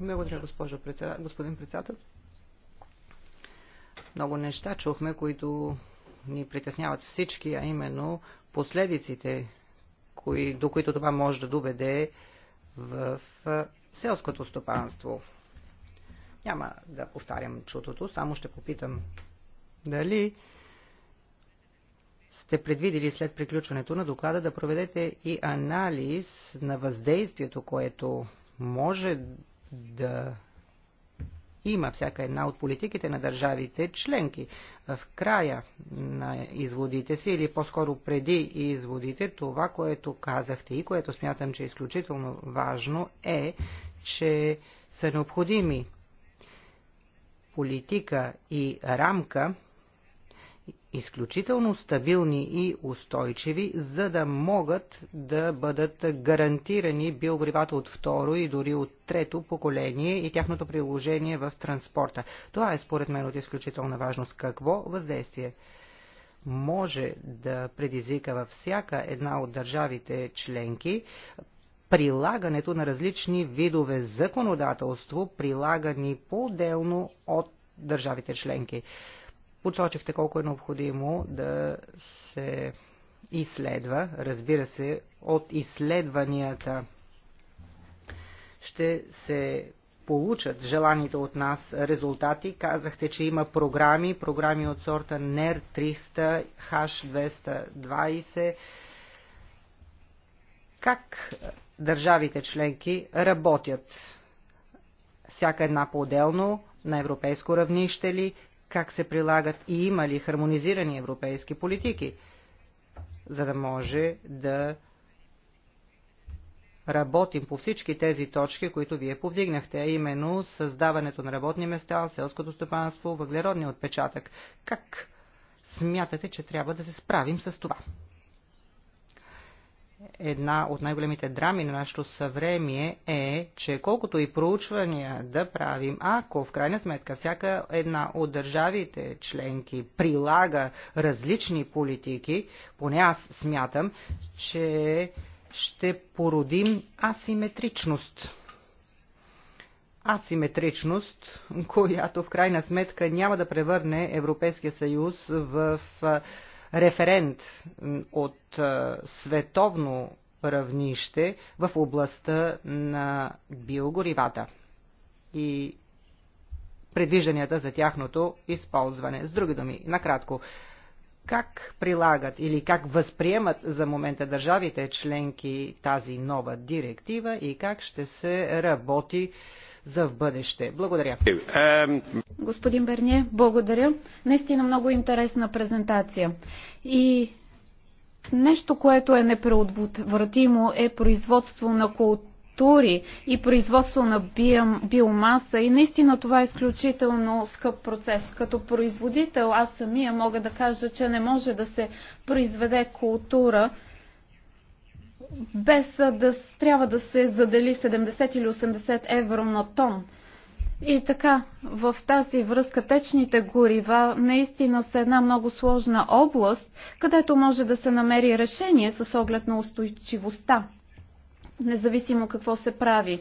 Благодаря, госпожо председател. Господин председател. Много неща чухме, които ни притесняват всички, а именно последиците, кои, до които това може да доведе в селското стопанство. Няма да повтарям чутото, само ще попитам дали сте предвидели след приключването на доклада да проведете и анализ на въздействието, което може да има всяка една от политиките на държавите членки. В края на изводите си, или по-скоро преди изводите, това, което казахте и което смятам, че е изключително важно, е, че са необходими политика и рамка, изключително стабилни и устойчиви, за да могат да бъдат гарантирани биогоривата от второ и дори от трето поколение и тяхното приложение в транспорта. Това е според мен от изключителна важност. Какво въздействие? може да предизвика във всяка една от държавите членки прилагането на различни видове законодателство, прилагани по-отделно от държавите членки. Посочихте колко е необходимо да се изследва, разбира се, от изследванията ще се получат желаните от нас резултати. Казахте, че има програми, програми от сорта NER 300, H220. Как държавите членки работят? Всяка една по-отделно, на европейско равнище ли, как се прилагат и има ли хармонизирани европейски политики, за да може да работим по всички тези точки, които вие повдигнахте, а именно създаването на работни места, селското стопанство, въглеродния отпечатък. Как смятате, че трябва да се справим с това? една от най-големите драми на нашето съвремие е, че колкото и проучвания да правим, ако в крайна сметка всяка една от държавите членки прилага различни политики, поне аз смятам, че ще породим асиметричност. Асиметричност, която в крайна сметка няма да превърне Европейския съюз в референт от световно равнище в областта на биогоривата и предвижданията за тяхното използване. С други думи, накратко, как прилагат или как възприемат за момента държавите членки тази нова директива и как ще се работи за в бъдеще. Благодаря. Господин Берние, благодаря. Наистина много интересна презентация. И нещо, което е непреотвратимо е производство на култура култури и производство на биомаса. И наистина това е изключително скъп процес. Като производител аз самия мога да кажа, че не може да се произведе култура без да трябва да се задели 70 или 80 евро на тон. И така, в тази връзка течните горива наистина са една много сложна област, където може да се намери решение с оглед на устойчивостта, независимо какво се прави.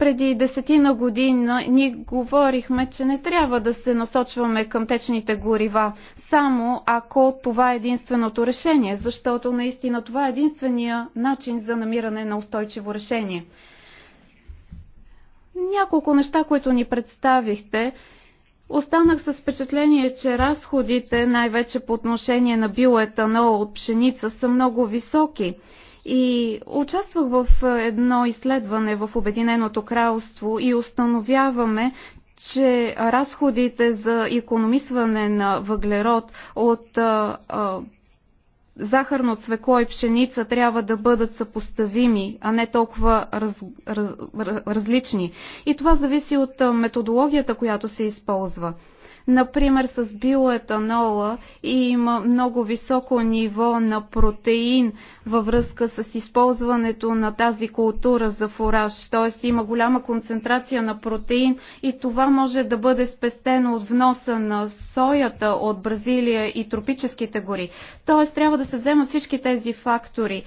Преди десетина година ние говорихме, че не трябва да се насочваме към течните горива, само ако това е единственото решение, защото наистина това е единствения начин за намиране на устойчиво решение. Няколко неща, които ни представихте, Останах с впечатление, че разходите, най-вече по отношение на биоетанол от пшеница, са много високи. И участвах в е, едно изследване в Обединеното кралство и установяваме, че разходите за економисване на въглерод от а, е, а, е, захарно цвекло и пшеница трябва да бъдат съпоставими, а не толкова раз, раз, раз, различни. И това зависи от методологията, която се използва. Например, с биоетанола и има много високо ниво на протеин във връзка с използването на тази култура за фураж, т.е. има голяма концентрация на протеин и това може да бъде спестено от вноса на соята от Бразилия и тропическите гори. Т.е. трябва да се взема всички тези фактори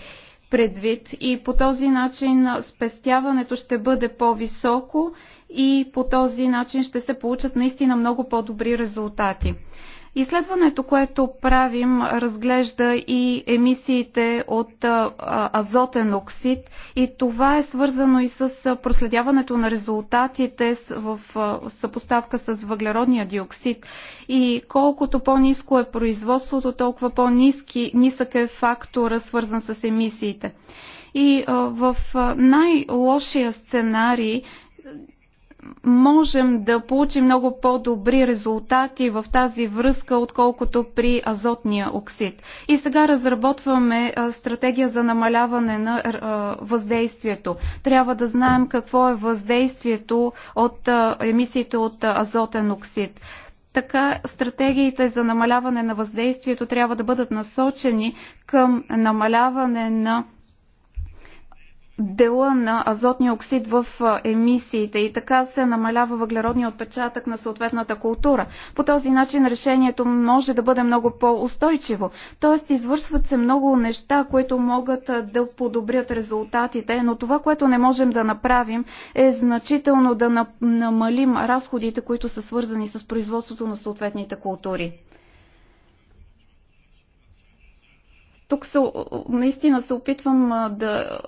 предвид и по този начин спестяването ще бъде по-високо и по този начин ще се получат наистина много по-добри резултати. Изследването, което правим, разглежда и емисиите от азотен оксид и това е свързано и с проследяването на резултатите в съпоставка с въглеродния диоксид. И колкото по-низко е производството, толкова по-нисък е фактора, свързан с емисиите. И в най-лошия сценарий можем да получим много по-добри резултати в тази връзка, отколкото при азотния оксид. И сега разработваме стратегия за намаляване на въздействието. Трябва да знаем какво е въздействието от емисиите от азотен оксид. Така стратегиите за намаляване на въздействието трябва да бъдат насочени към намаляване на дела на азотния оксид в емисиите и така се намалява въглеродния отпечатък на съответната култура. По този начин решението може да бъде много по-устойчиво. Тоест извършват се много неща, които могат да подобрят резултатите, но това, което не можем да направим е значително да намалим разходите, които са свързани с производството на съответните култури. Тук се, наистина се опитвам да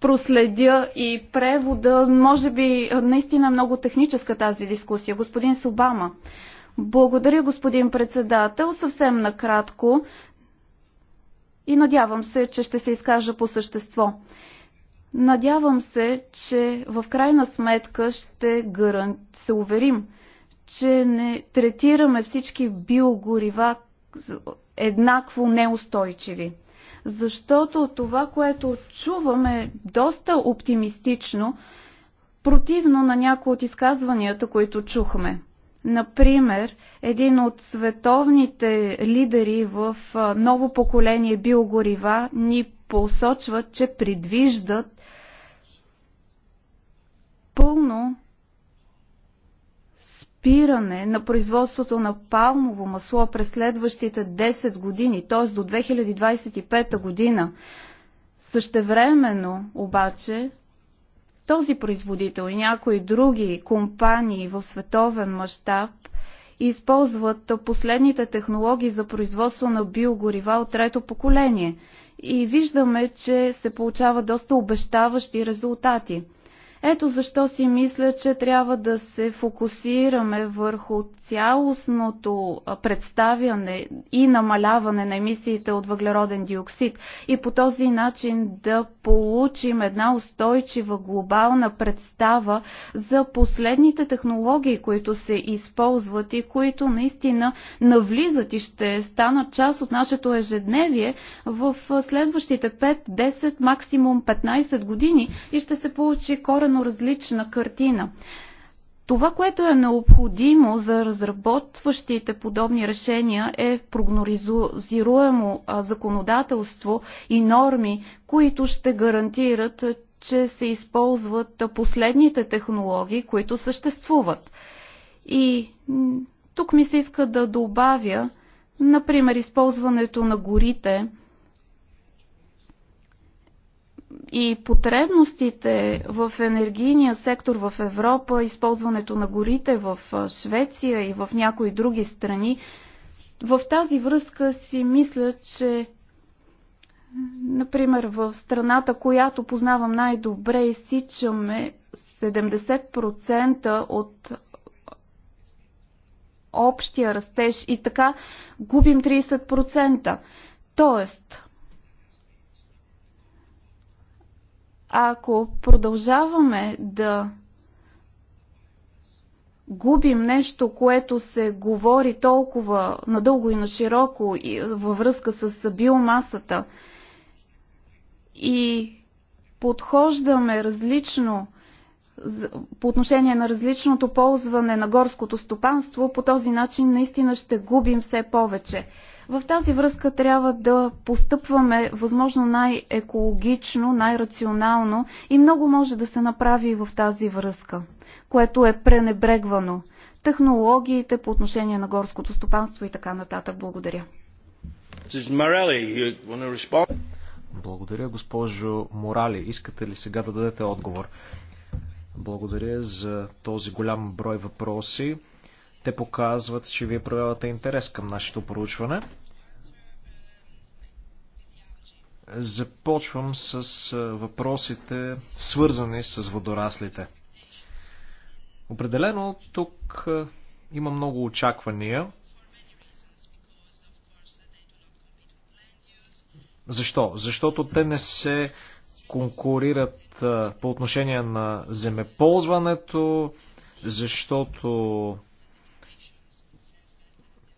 проследя и превода. Може би наистина е много техническа тази дискусия. Господин Собама. Благодаря, господин председател. Съвсем накратко и надявам се, че ще се изкажа по същество. Надявам се, че в крайна сметка ще гарант... се уверим, че не третираме всички биогорива еднакво неустойчиви. Защото това, което чувам е доста оптимистично, противно на някои от изказванията, които чухме. Например, един от световните лидери в ново поколение биогорива ни посочва, че предвиждат пълно спиране на производството на палмово масло през следващите 10 години, т.е. до 2025 година. Същевременно обаче този производител и някои други компании в световен мащаб използват последните технологии за производство на биогорива от трето поколение и виждаме, че се получават доста обещаващи резултати – ето защо си мисля, че трябва да се фокусираме върху цялостното представяне и намаляване на емисиите от въглероден диоксид и по този начин да получим една устойчива глобална представа за последните технологии, които се използват и които наистина навлизат и ще станат част от нашето ежедневие в следващите 5, 10, максимум 15 години и ще се получи корен коренно различна картина. Това, което е необходимо за разработващите подобни решения е прогнозируемо законодателство и норми, които ще гарантират, че се използват последните технологии, които съществуват. И тук ми се иска да добавя, например, използването на горите – и потребностите в енергийния сектор в Европа, използването на горите в Швеция и в някои други страни, в тази връзка си мисля, че например в страната, която познавам най-добре, изсичаме 70% от общия растеж и така губим 30%. Тоест, Ако продължаваме да губим нещо, което се говори толкова надълго и на широко във връзка с биомасата и подхождаме различно по отношение на различното ползване на горското стопанство, по този начин наистина ще губим все повече. В тази връзка трябва да постъпваме възможно най-екологично, най-рационално и много може да се направи в тази връзка, което е пренебрегвано. Технологиите по отношение на горското стопанство и така нататък. Благодаря. Благодаря, госпожо Морали. Искате ли сега да дадете отговор? Благодаря за този голям брой въпроси. Те показват, че вие проявявате интерес към нашето проучване. Започвам с въпросите, свързани с водораслите. Определено тук има много очаквания. Защо? Защото те не се конкурират по отношение на земеползването, защото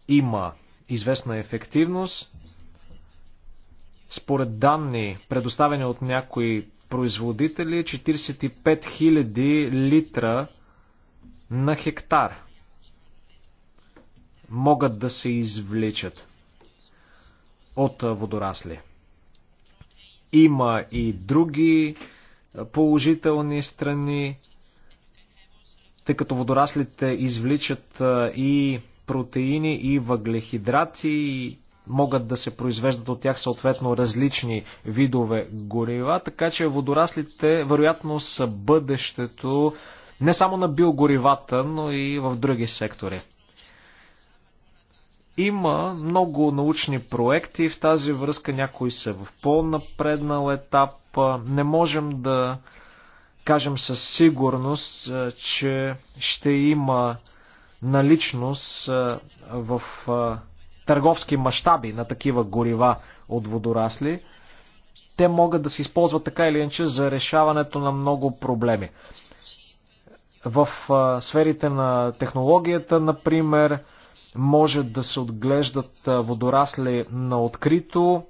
има известна ефективност. Според данни, предоставени от някои производители, 45 000 литра на хектар могат да се извличат от водорасли. Има и други положителни страни, тъй като водораслите извличат и протеини и въглехидрати и могат да се произвеждат от тях съответно различни видове горива, така че водораслите вероятно са бъдещето не само на биогоривата, но и в други сектори. Има много научни проекти в тази връзка, някои са в по-напреднал етап. Не можем да кажем със сигурност, че ще има наличност в търговски мащаби на такива горива от водорасли, те могат да се използват така или иначе за решаването на много проблеми. В сферите на технологията, например, може да се отглеждат водорасли на открито,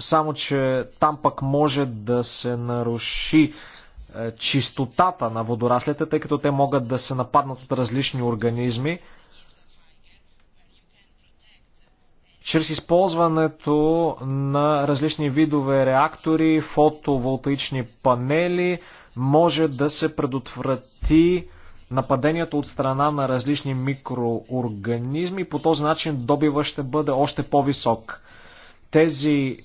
само че там пък може да се наруши е, чистотата на водораслите, тъй като те могат да се нападнат от различни организми. Чрез използването на различни видове реактори, фотоволтаични панели, може да се предотврати нападението от страна на различни микроорганизми. По този начин добива ще бъде още по-висок. Тези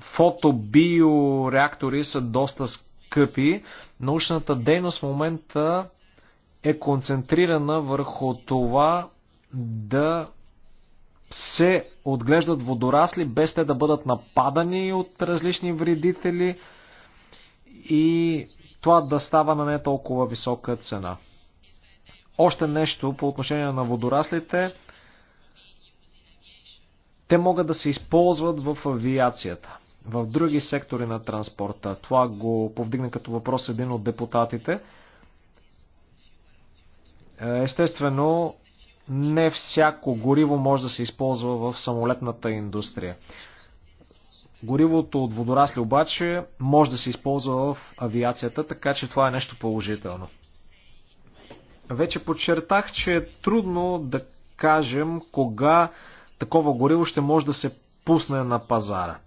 фотобиореактори са доста скъпи скъпи. Научната дейност в момента е концентрирана върху това да се отглеждат водорасли, без те да бъдат нападани от различни вредители и това да става на не толкова висока цена. Още нещо по отношение на водораслите. Те могат да се използват в авиацията в други сектори на транспорта. Това го повдигна като въпрос един от депутатите. Е, естествено, не всяко гориво може да се използва в самолетната индустрия. Горивото от водорасли обаче може да се използва в авиацията, така че това е нещо положително. Вече подчертах, че е трудно да кажем кога такова гориво ще може да се пусне на пазара.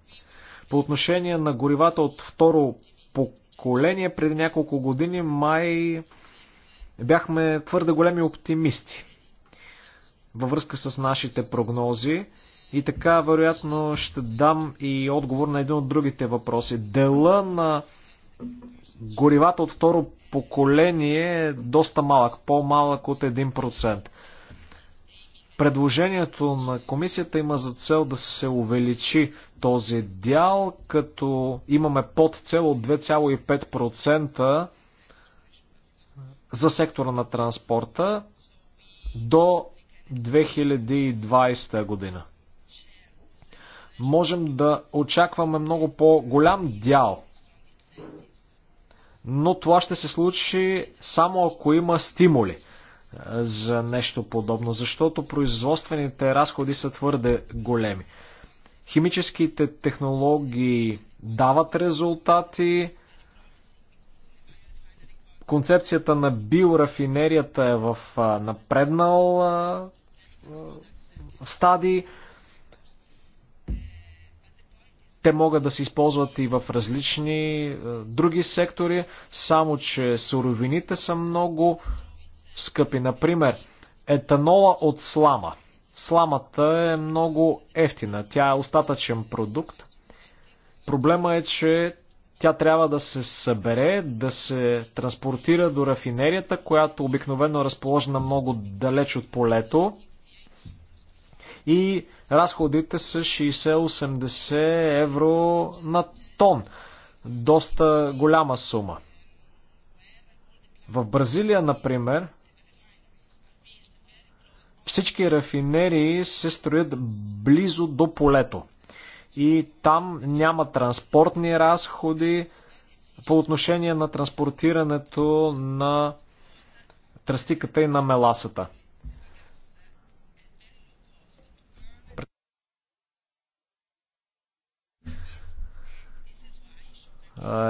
По отношение на горивата от второ поколение, преди няколко години май бяхме твърде големи оптимисти във връзка с нашите прогнози. И така, вероятно, ще дам и отговор на един от другите въпроси. Дела на горивата от второ поколение е доста малък, по-малък от 1%. Предложението на комисията има за цел да се увеличи този дял, като имаме под цел от 2,5% за сектора на транспорта до 2020 година. Можем да очакваме много по-голям дял, но това ще се случи само ако има стимули за нещо подобно, защото производствените разходи са твърде големи. Химическите технологии дават резултати. Концепцията на биорафинерията е в напреднал стадий. Те могат да се използват и в различни други сектори, само че суровините са много скъпи. Например, етанола от слама. Сламата е много ефтина. Тя е остатъчен продукт. Проблема е, че тя трябва да се събере, да се транспортира до рафинерията, която обикновено е разположена много далеч от полето. И разходите са 60-80 евро на тон. Доста голяма сума. В Бразилия, например, всички рафинерии се строят близо до полето. И там няма транспортни разходи по отношение на транспортирането на тръстиката и на меласата.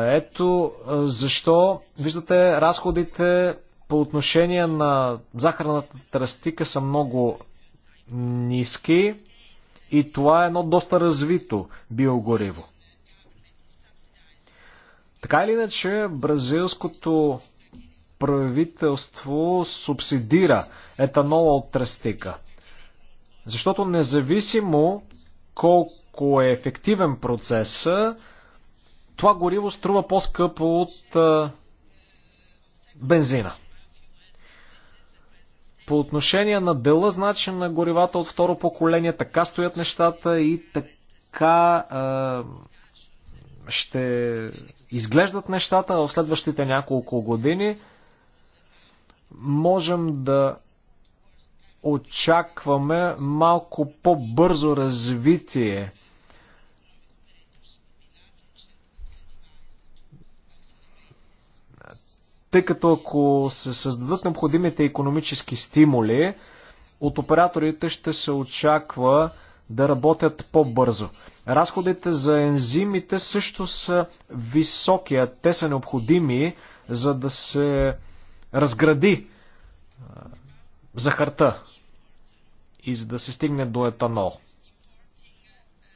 Ето защо, виждате, разходите по отношение на захарната тръстика са много ниски и това е едно доста развито биогориво. Така или иначе, бразилското правителство субсидира етанола от тръстика. Защото независимо колко е ефективен процес, това гориво струва по-скъпо от бензина. По отношение на дела, значи на горивата от второ поколение, така стоят нещата и така е, ще изглеждат нещата в следващите няколко години. Можем да очакваме малко по-бързо развитие тъй като ако се създадат необходимите економически стимули, от операторите ще се очаква да работят по-бързо. Разходите за ензимите също са високи, а те са необходими, за да се разгради захарта и за да се стигне до етанол.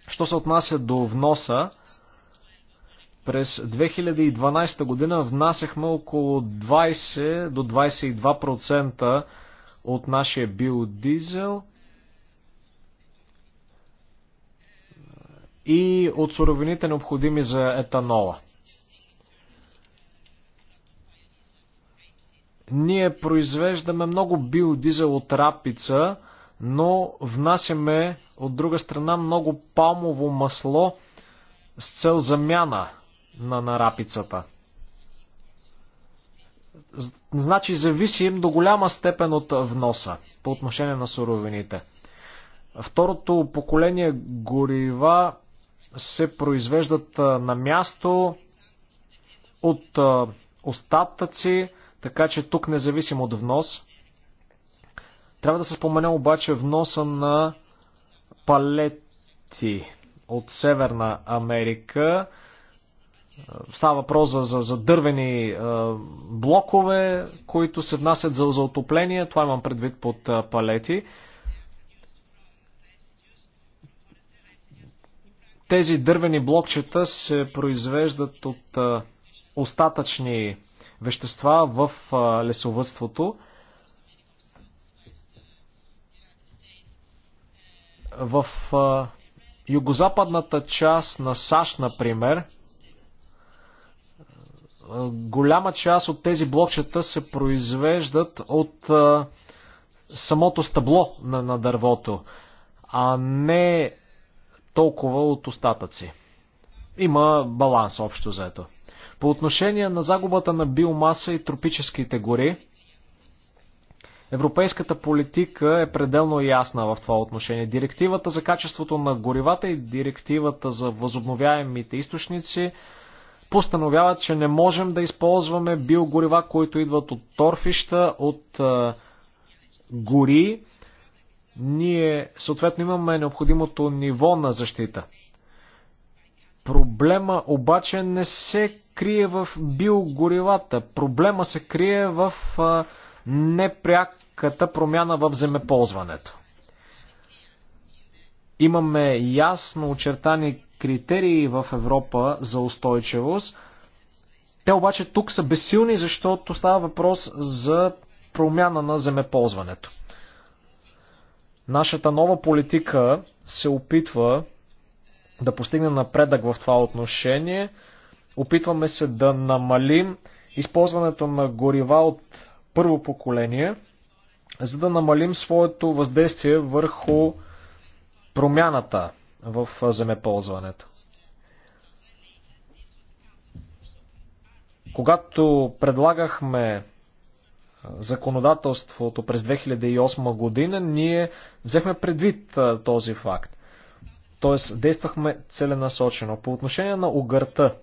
Що се отнася до вноса, през 2012 година внасяхме около 20 до 22% от нашия биодизел и от суровините необходими за етанола. Ние произвеждаме много биодизел от рапица, но внасяме от друга страна много палмово масло с цел замяна на нарапицата. Значи зависим до голяма степен от вноса по отношение на суровините. Второто поколение горива се произвеждат на място от остатъци, така че тук независим от внос. Трябва да се спомене обаче вноса на палети от Северна Америка. Е, става въпрос за, за, за дървени а, е, блокове, които се внасят за, за отопление. Това имам предвид под а, е, палети. Тези дървени блокчета се произвеждат от а, остатъчни вещества в а, лесовътството. В а, югозападната част на САЩ, например, е, голяма част от тези блокчета се произвеждат от а, е, самото стъбло на, на дървото, а не толкова от остатъци. Има баланс общо заето. По отношение на загубата на биомаса и тропическите гори, Европейската политика е пределно ясна в това отношение. Директивата за качеството на горивата и директивата за възобновяемите източници постановяват, че не можем да използваме биогорива, които идват от торфища, от а, гори. Ние съответно имаме необходимото ниво на защита. Проблема обаче не се крие в биогоривата. Проблема се крие в а, непряката промяна в земеползването. Имаме ясно очертани критерии в Европа за устойчивост. Те обаче тук са безсилни, защото става въпрос за промяна на земеползването. Нашата нова политика се опитва да постигне напредък в това отношение. Опитваме се да намалим използването на горива от първо поколение, за да намалим своето въздействие върху промяната в земеползването. Когато предлагахме законодателството през 2008 година, ние взехме предвид този факт. Тоест, действахме целенасочено. По отношение на огърта,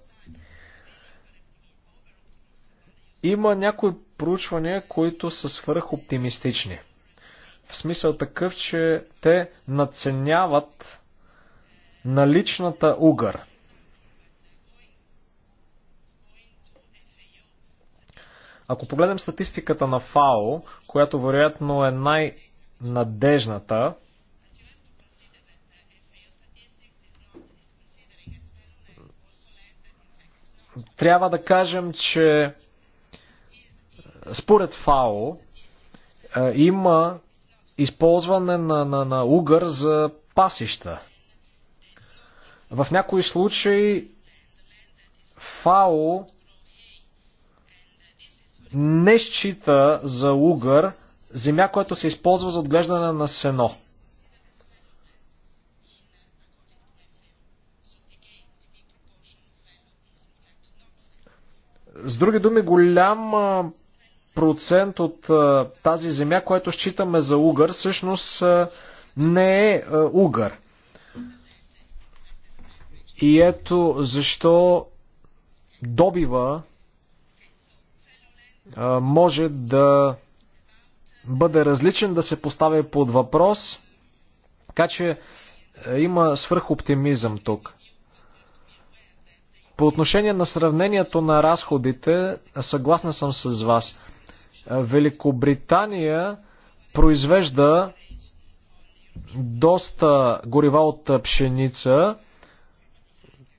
има някои проучвания, които са оптимистични. В смисъл такъв, че те наценяват наличната угър. Ако погледнем статистиката на ФАО, която вероятно е най-надежната, трябва да кажем, че според ФАО е, има използване на, на, на угър за пасища. В някои случаи ФАО не счита за угър земя, която се използва за отглеждане на сено. С други думи, голям процент от тази земя, която считаме за угър, всъщност не е угър. И ето защо добива може да бъде различен, да се поставя под въпрос. Така че е, има свръхоптимизъм тук. По отношение на сравнението на разходите, съгласна съм с вас. Великобритания произвежда доста горива от пшеница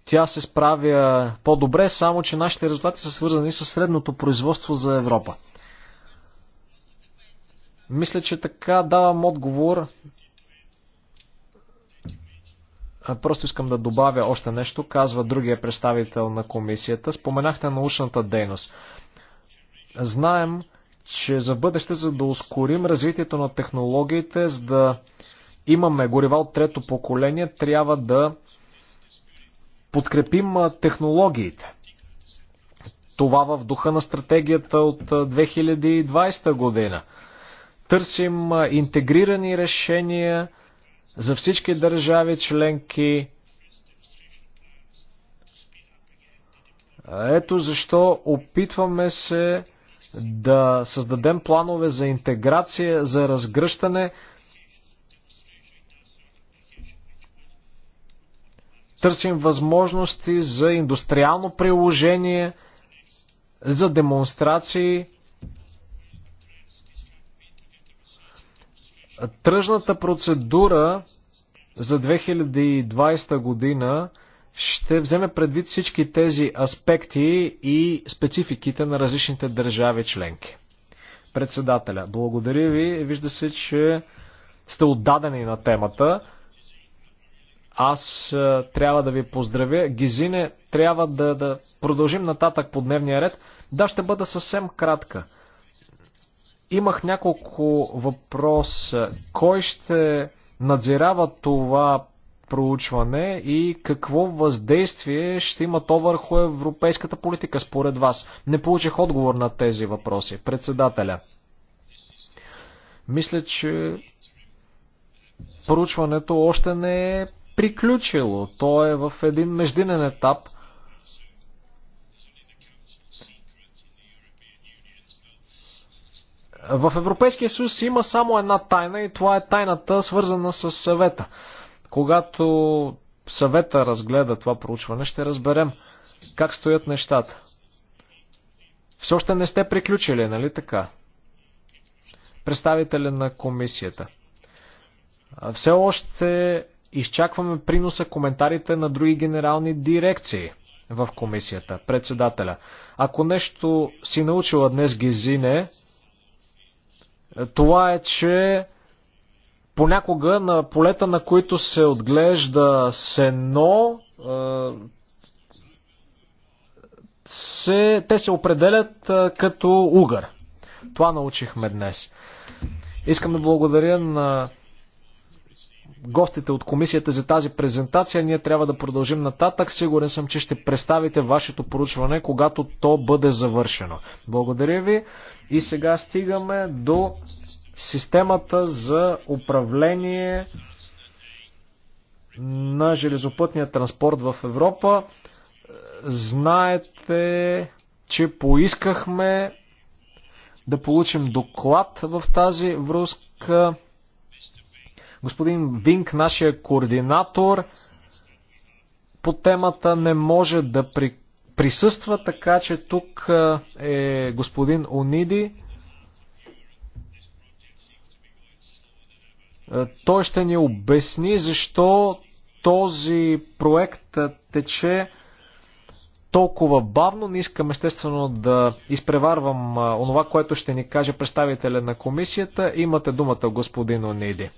тя се справя по-добре, само че нашите резултати са свързани с средното производство за Европа. Мисля, че така давам отговор. Просто искам да добавя още нещо, казва другия представител на комисията. Споменахте научната дейност. Знаем, че за бъдеще, за да ускорим развитието на технологиите, за да имаме горива от трето поколение, трябва да подкрепим технологиите. Това в духа на стратегията от 2020 година. Търсим интегрирани решения за всички държави членки. Ето защо опитваме се да създадем планове за интеграция, за разгръщане Търсим възможности за индустриално приложение, за демонстрации. Тръжната процедура за 2020 година ще вземе предвид всички тези аспекти и спецификите на различните държави членки. Председателя, благодаря ви. Вижда се, че сте отдадени на темата. Аз а, е, трябва да ви поздравя. Гизине, трябва да, да продължим нататък по дневния ред. Да, ще бъда съвсем кратка. Имах няколко въпроса. Кой ще надзирава това проучване и какво въздействие ще има то върху европейската политика според вас? Не получих отговор на тези въпроси. Председателя. Мисля, че проучването още не е приключило. То е в един междинен етап. В Европейския съюз има само една тайна и това е тайната свързана с съвета. Когато съвета разгледа това проучване, ще разберем как стоят нещата. Все още не сте приключили, нали така? Представителя на комисията. Все още Изчакваме приноса коментарите на други генерални дирекции в комисията, председателя. Ако нещо си научила днес Гизине, е, това е, че понякога на полета, на които се отглежда сено, е, се, те се определят е, като угър. Това научихме днес. Искам да благодаря на гостите от комисията за тази презентация. Ние трябва да продължим нататък. Сигурен съм, че ще представите вашето проучване, когато то бъде завършено. Благодаря ви. И сега стигаме до системата за управление на железопътния транспорт в Европа. Знаете, че поискахме да получим доклад в тази връзка. Господин Винк, нашия координатор по темата не може да при... присъства, така че тук е господин Ониди. Той ще ни обясни защо този проект тече толкова бавно. Не искам естествено да изпреварвам онова, което ще ни каже представителя на комисията. Имате думата, господин Ониди.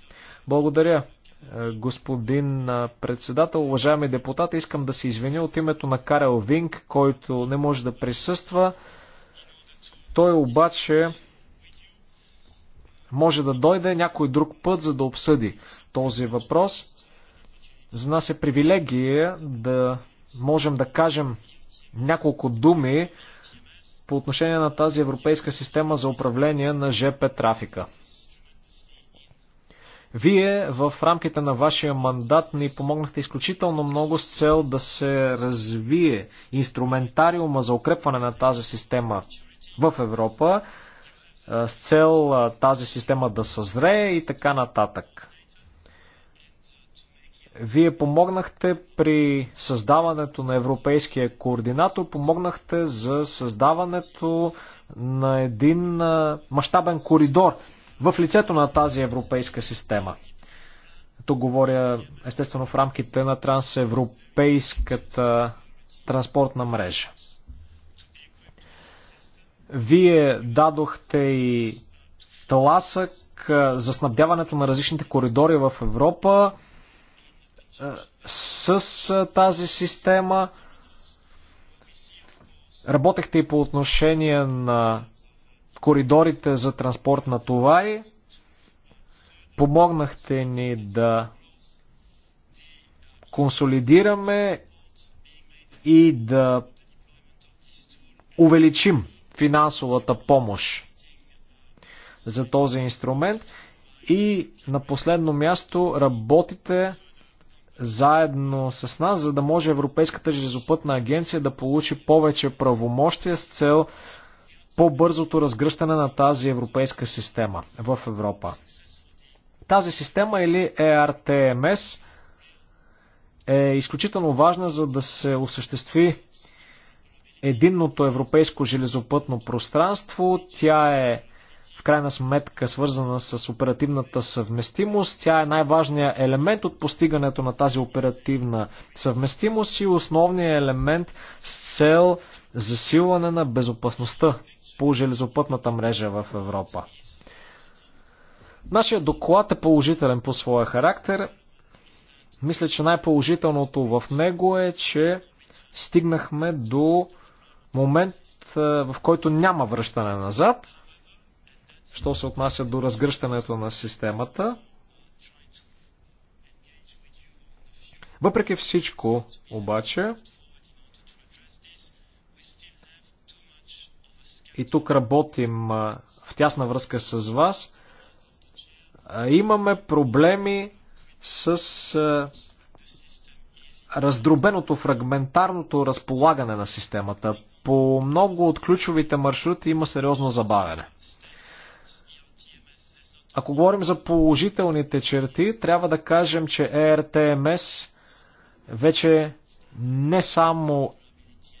Благодаря, е, господин председател. Уважаеми депутати, искам да се извиня от името на Карел Винг, който не може да присъства. Той обаче може да дойде някой друг път, за да обсъди този въпрос. За нас е привилегия да можем да кажем няколко думи по отношение на тази европейска система за управление на ЖП трафика. Вие в рамките на вашия мандат ни помогнахте изключително много с цел да се развие инструментариума за укрепване на тази система в Европа, с цел тази система да съзрее и така нататък. Вие помогнахте при създаването на европейския координатор, помогнахте за създаването на един мащабен коридор в лицето на тази европейска система. Тук говоря естествено в рамките на трансевропейската транспортна мрежа. Вие дадохте и тласък за снабдяването на различните коридори в Европа с тази система. Работехте и по отношение на коридорите за транспорт на товари. Помогнахте ни да консолидираме и да увеличим финансовата помощ за този инструмент. И на последно място работите заедно с нас, за да може Европейската железопътна агенция да получи повече правомощия с цел по-бързото разгръщане на тази европейска система в Европа. Тази система или ERTMS е изключително важна за да се осъществи единното европейско железопътно пространство. Тя е в крайна сметка свързана с оперативната съвместимост. Тя е най-важният елемент от постигането на тази оперативна съвместимост и основният елемент с цел засилване на безопасността по железопътната мрежа в Европа. Нашия доклад е положителен по своя характер. Мисля, че най-положителното в него е, че стигнахме до момент, в който няма връщане назад, що се отнася до разгръщането на системата. Въпреки всичко, обаче, и тук работим в тясна връзка с вас, имаме проблеми с раздробеното, фрагментарното разполагане на системата. По много от ключовите маршрути има сериозно забавяне. Ако говорим за положителните черти, трябва да кажем, че ERTMS вече не само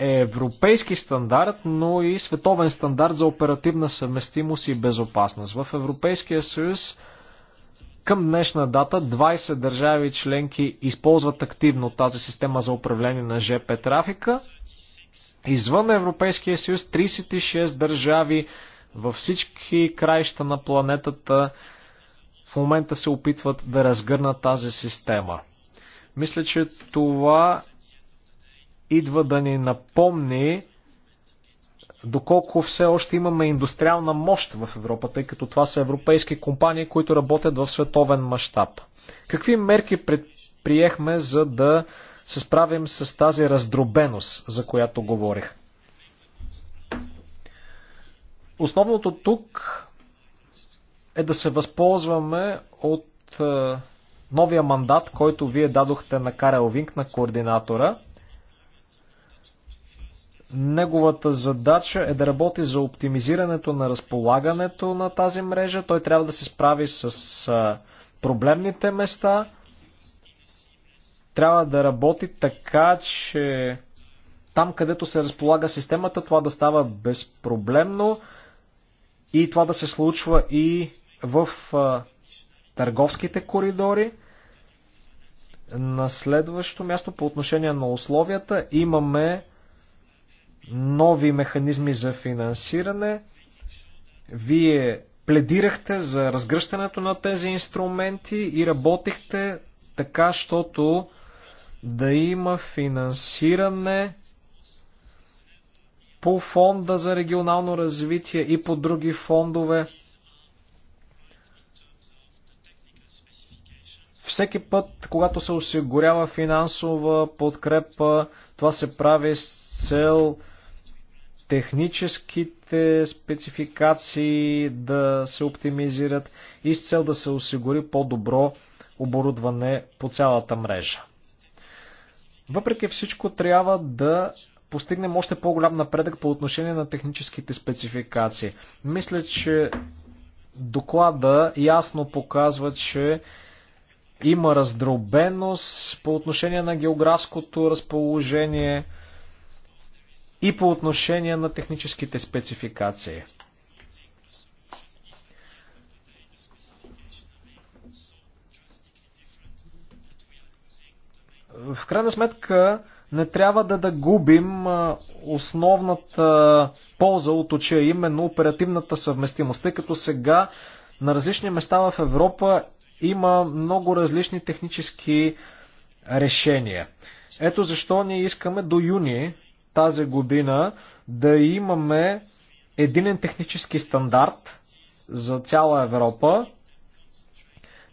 европейски стандарт, но и световен стандарт за оперативна съвместимост и безопасност. В Европейския съюз към днешна дата 20 държави членки използват активно тази система за управление на ЖП трафика. Извън Европейския съюз 36 държави във всички краища на планетата в момента се опитват да разгърнат тази система. Мисля, че това идва да ни напомни доколко все още имаме индустриална мощ в Европа, тъй като това са европейски компании, които работят в световен мащаб. Какви мерки предприехме, за да се справим с тази раздробеност, за която говорих? Основното тук е да се възползваме от е, новия мандат, който вие дадохте на Карел Винк, на координатора – Неговата задача е да работи за оптимизирането на разполагането на тази мрежа. Той трябва да се справи с проблемните места. Трябва да работи така, че там, където се разполага системата, това да става безпроблемно и това да се случва и в търговските коридори. На следващо място по отношение на условията имаме нови механизми за финансиране. Вие пледирахте за разгръщането на тези инструменти и работихте така, щото да има финансиране по фонда за регионално развитие и по други фондове. Всеки път, когато се осигурява финансова подкрепа, това се прави с цел техническите спецификации да се оптимизират и с цел да се осигури по-добро оборудване по цялата мрежа. Въпреки всичко трябва да постигнем още по-голям напредък по отношение на техническите спецификации. Мисля, че доклада ясно показва, че има раздробеност по отношение на географското разположение, и по отношение на техническите спецификации. В крайна сметка не трябва да, да губим основната полза от очи, именно оперативната съвместимост, тъй като сега на различни места в Европа има много различни технически решения. Ето защо ние искаме до юни тази година да имаме единен технически стандарт за цяла Европа.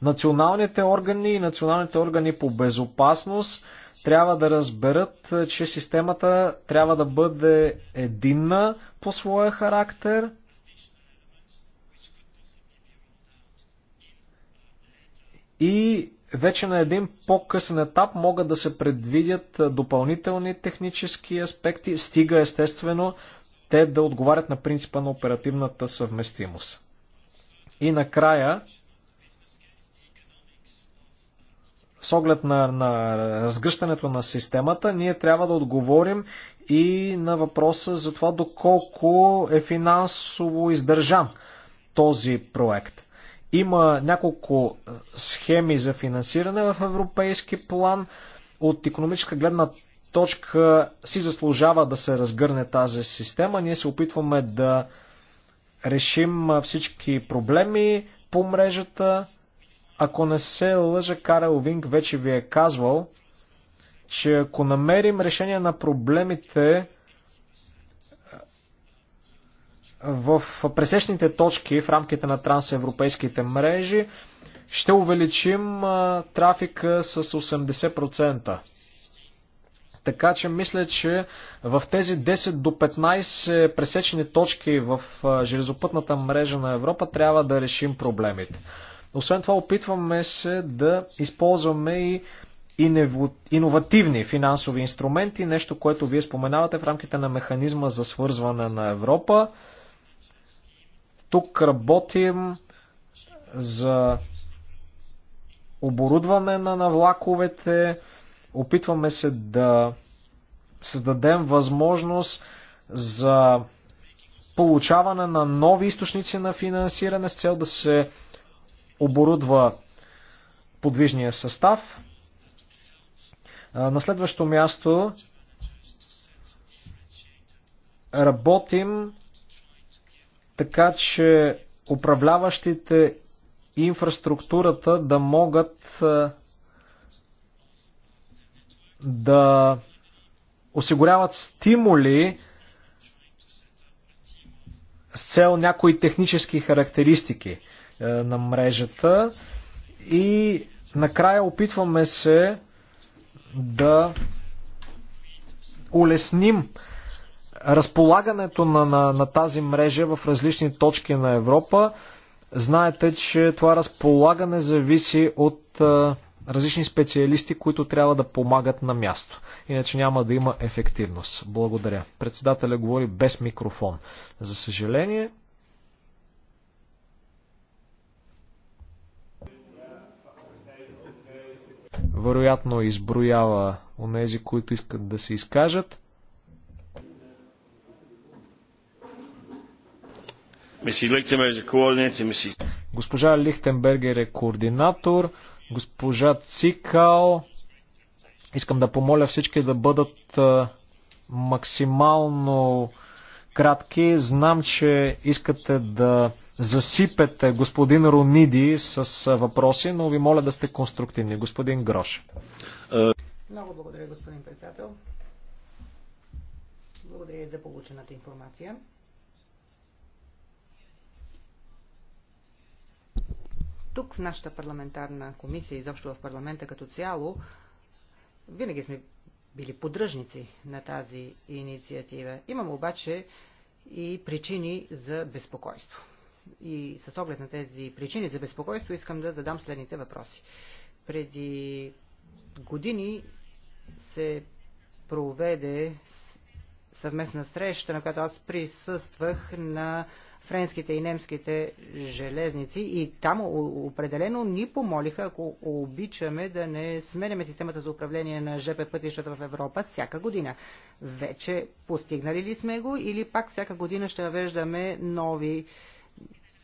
Националните органи и националните органи по безопасност трябва да разберат, че системата трябва да бъде единна по своя характер. И вече на един по-късен етап могат да се предвидят допълнителни технически аспекти, стига естествено те да отговарят на принципа на оперативната съвместимост. И накрая, с оглед на, на разгръщането на системата, ние трябва да отговорим и на въпроса за това доколко е финансово издържан този проект. Има няколко е, схеми за финансиране в европейски план. От економическа гледна точка си заслужава да се разгърне тази система. Ние се опитваме да решим е, всички проблеми по мрежата. Ако не се лъжа, Карел Винг вече ви е казвал, че ако намерим решение на проблемите, в пресечните точки в рамките на трансевропейските мрежи ще увеличим трафика с 80%. Така че мисля, че в тези 10 до 15 пресечни точки в железопътната мрежа на Европа трябва да решим проблемите. Освен това, опитваме се да използваме и иновативни финансови инструменти, нещо, което вие споменавате в рамките на механизма за свързване на Европа. Тук работим за оборудване на, на влаковете, опитваме се да създадем възможност за получаване на нови източници на финансиране с цел да се оборудва подвижния състав. На следващо място работим така че управляващите инфраструктурата да могат е, да осигуряват стимули с цел някои технически характеристики е, на мрежата и накрая опитваме се да улесним разполагането на, на, на тази мрежа в различни точки на Европа. Знаете, че това разполагане зависи от а, различни специалисти, които трябва да помагат на място. Иначе няма да има ефективност. Благодаря. Председателя говори без микрофон. За съжаление. Вероятно изброява у нези, които искат да се изкажат. Госпожа Лихтенбергер е координатор, госпожа Цикал. Искам да помоля всички да бъдат максимално кратки. Знам, че искате да засипете господин Рониди с въпроси, но ви моля да сте конструктивни. Господин Грош. Много благодаря, господин председател. Благодаря за получената информация. Тук в нашата парламентарна комисия, изобщо в парламента като цяло, винаги сме били поддръжници на тази инициатива. Имам обаче и причини за безпокойство. И с оглед на тези причини за безпокойство искам да задам следните въпроси. Преди години се проведе съвместна среща, на която аз присъствах на френските и немските железници и там определено ни помолиха, ако обичаме да не сменяме системата за управление на ЖП пътищата в Европа всяка година. Вече постигнали ли сме го или пак всяка година ще въвеждаме нови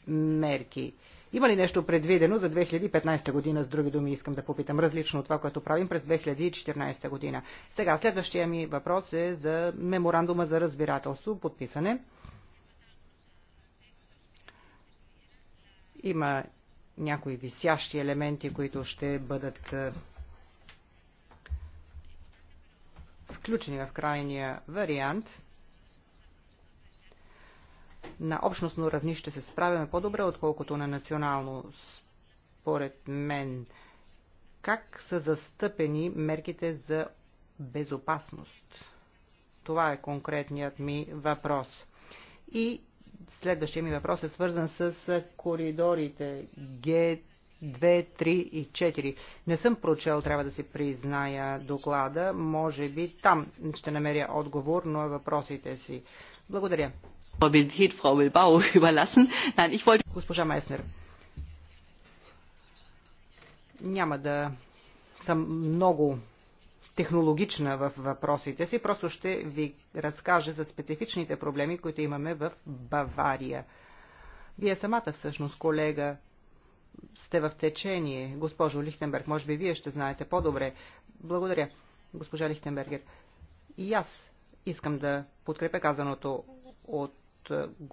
мерки? Има ли нещо предвидено за 2015 година, с други думи искам да попитам, различно от това, което правим през 2014 година? Сега, следващия ми въпрос е за меморандума за разбирателство, подписане Има някои висящи елементи, които ще бъдат е, включени в крайния вариант. На общностно равнище се справяме по-добре, отколкото на национално, според мен. Как са застъпени мерките за безопасност? Това е конкретният ми въпрос. И следващия ми въпрос е свързан с коридорите Г 2, 3 и 4. Не съм прочел, трябва да си призная доклада. Може би там ще намеря отговор на е въпросите си. Благодаря. Госпожа Майснер. Няма да съм много технологична в въпросите си, просто ще ви разкажа за специфичните проблеми, които имаме в Бавария. Вие самата всъщност, колега, сте в течение. Госпожо Лихтенберг, може би вие ще знаете по-добре. Благодаря, госпожа Лихтенбергер. И аз искам да подкрепя казаното от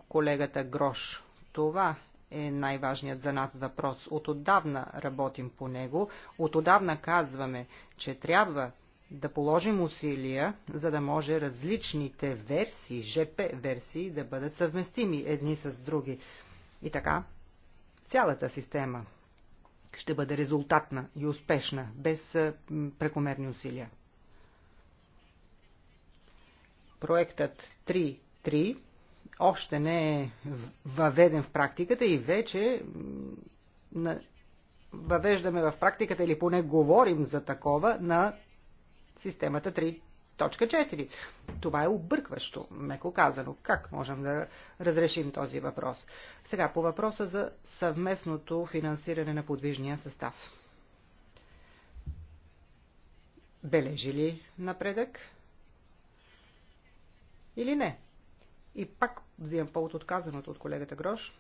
колегата Грош. Това е най-важният за нас въпрос. От отдавна работим по него, от отдавна казваме, че трябва да положим усилия, за да може различните версии, ЖП версии, да бъдат съвместими едни с други. И така, цялата система ще бъде резултатна и успешна, без прекомерни усилия. Проектът 3.3 още не е въведен в практиката и вече въвеждаме в практиката или поне говорим за такова на системата 3.4. Това е объркващо, меко казано. Как можем да разрешим този въпрос? Сега по въпроса за съвместното финансиране на подвижния състав. Бележи ли напредък? Или не? И пак взимам повод от казаното от колегата Грош.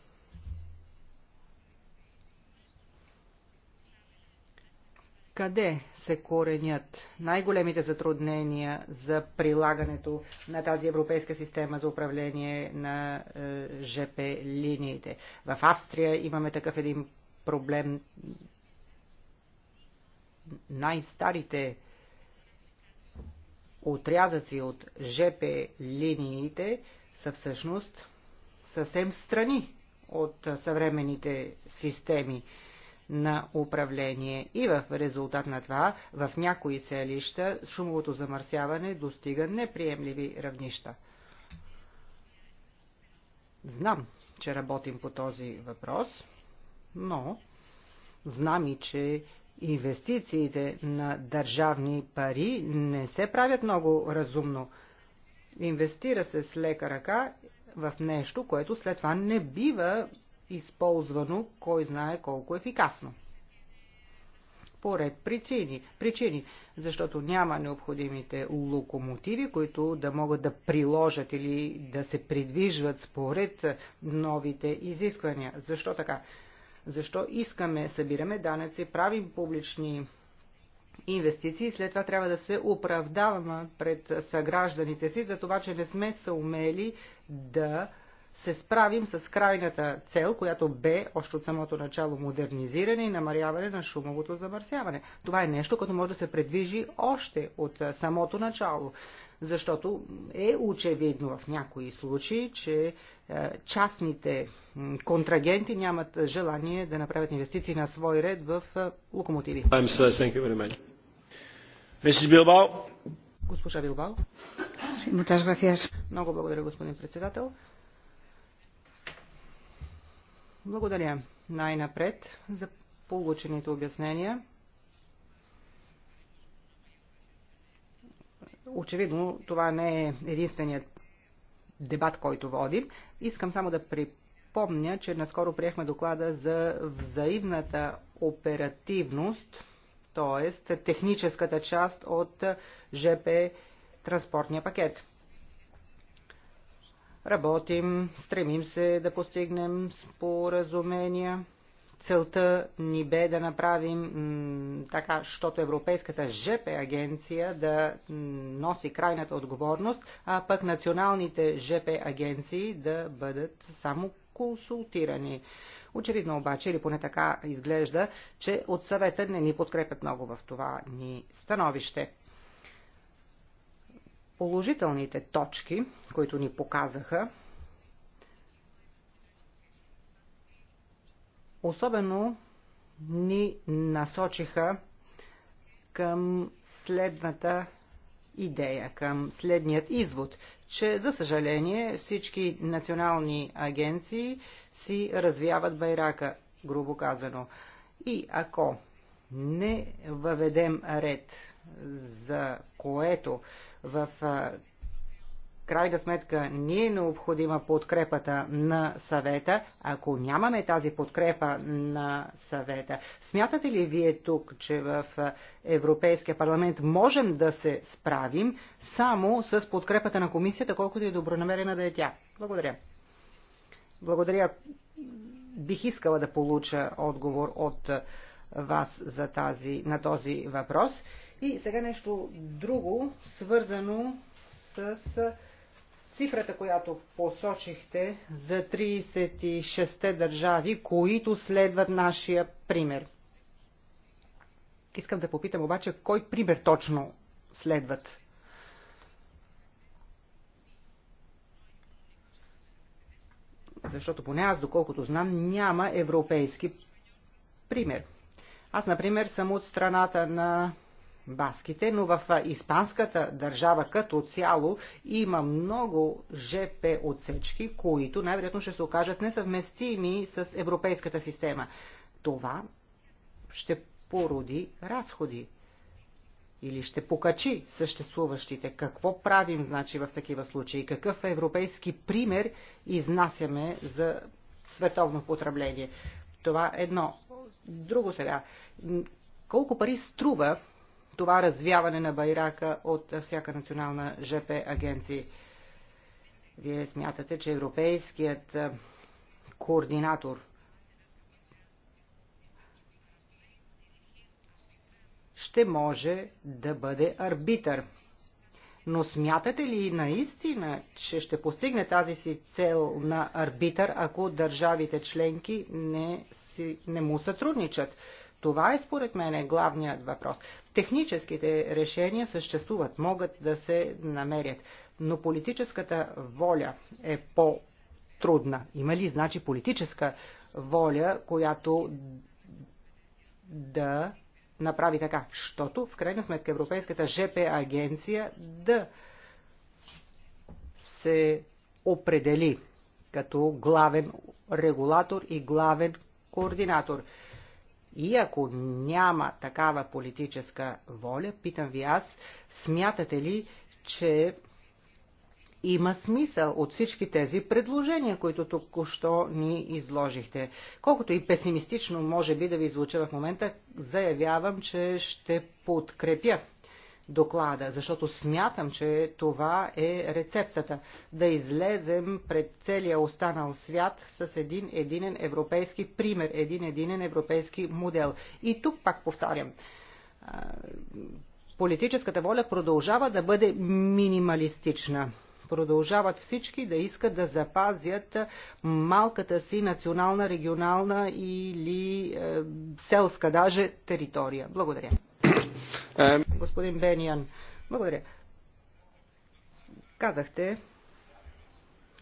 къде се коренят най-големите затруднения за прилагането на тази европейска система за управление на е, ЖП линиите. В Австрия имаме такъв един проблем. Най-старите отрязъци от ЖП линиите са всъщност съвсем страни от е, съвременните системи на управление. И в резултат на това, в някои селища, шумовото замърсяване достига неприемливи равнища. Знам, че работим по този въпрос, но знам и, че инвестициите на държавни пари не се правят много разумно. Инвестира се с лека ръка в нещо, което след това не бива използвано, кой знае колко ефикасно. Поред причини, причини, защото няма необходимите локомотиви, които да могат да приложат или да се придвижват според новите изисквания. Защо така? Защо искаме, събираме данъци, правим публични инвестиции, след това трябва да се оправдаваме пред съгражданите си за това, че не сме се умели да се справим с крайната цел, която бе още от самото начало модернизиране и намаряване на шумовото замърсяване. Това е нещо, което може да се предвижи още от самото начало, защото е очевидно в някои случаи, че частните контрагенти нямат желание да направят инвестиции на свой ред в локомотиви. Госпожа Билбао. Много благодаря, господин председател. Благодаря най-напред за получените обяснения. Очевидно, това не е единственият дебат, който водим. Искам само да припомня, че наскоро приехме доклада за взаимната оперативност, т.е. техническата част от ЖП транспортния пакет. Работим, стремим се да постигнем споразумения. Целта ни бе да направим така, защото Европейската ЖП е агенция да носи крайната отговорност, а пък националните ЖП е агенции да бъдат само консултирани. Очевидно обаче, или поне така изглежда, че от съвета не ни подкрепят много в това ни становище положителните точки, които ни показаха, особено ни насочиха към следната идея, към следният извод, че за съжаление всички национални агенции си развяват байрака, грубо казано. И ако не въведем ред, за което в крайна сметка ни е необходима подкрепата на съвета, ако нямаме тази подкрепа на съвета. Смятате ли вие тук, че в Европейския парламент можем да се справим само с подкрепата на комисията, колкото и е добронамерена да е тя? Благодаря. Благодаря. Бих искала да получа отговор от вас за тази, на този въпрос. И сега нещо друго, свързано с цифрата, която посочихте за 36-те държави, които следват нашия пример. Искам да попитам обаче, кой пример точно следват? Защото поне аз, доколкото знам, няма европейски пример. Аз, например, съм от страната на баските, но в испанската държава като цяло има много ЖП отсечки, които най-вероятно ще се окажат несъвместими с европейската система. Това ще породи разходи или ще покачи съществуващите. Какво правим, значи, в такива случаи? Какъв европейски пример изнасяме за световно потребление? Това е едно. Друго сега. Колко пари струва това развяване на байрака от всяка национална ЖП агенция. Вие смятате, че европейският координатор ще може да бъде арбитър. Но смятате ли наистина, че ще постигне тази си цел на арбитър, ако държавите членки не, си, не му сътрудничат? Това е според мен главният въпрос. Техническите решения съществуват, могат да се намерят, но политическата воля е по-трудна. Има ли значи политическа воля, която да направи така, защото в крайна сметка Европейската ЖП агенция да се определи като главен регулатор и главен координатор. И ако няма такава политическа воля, питам ви аз, смятате ли, че има смисъл от всички тези предложения, които току-що ни изложихте. Колкото и песимистично може би да ви звуча в момента, заявявам, че ще подкрепя доклада, защото смятам, че това е рецептата. Да излезем пред целия останал свят с един единен европейски пример, един единен европейски модел. И тук пак повтарям, политическата воля продължава да бъде минималистична продължават всички да искат да запазят малката си национална, регионална или е, селска даже територия. Благодаря. Господин Бениан, благодаря. Казахте,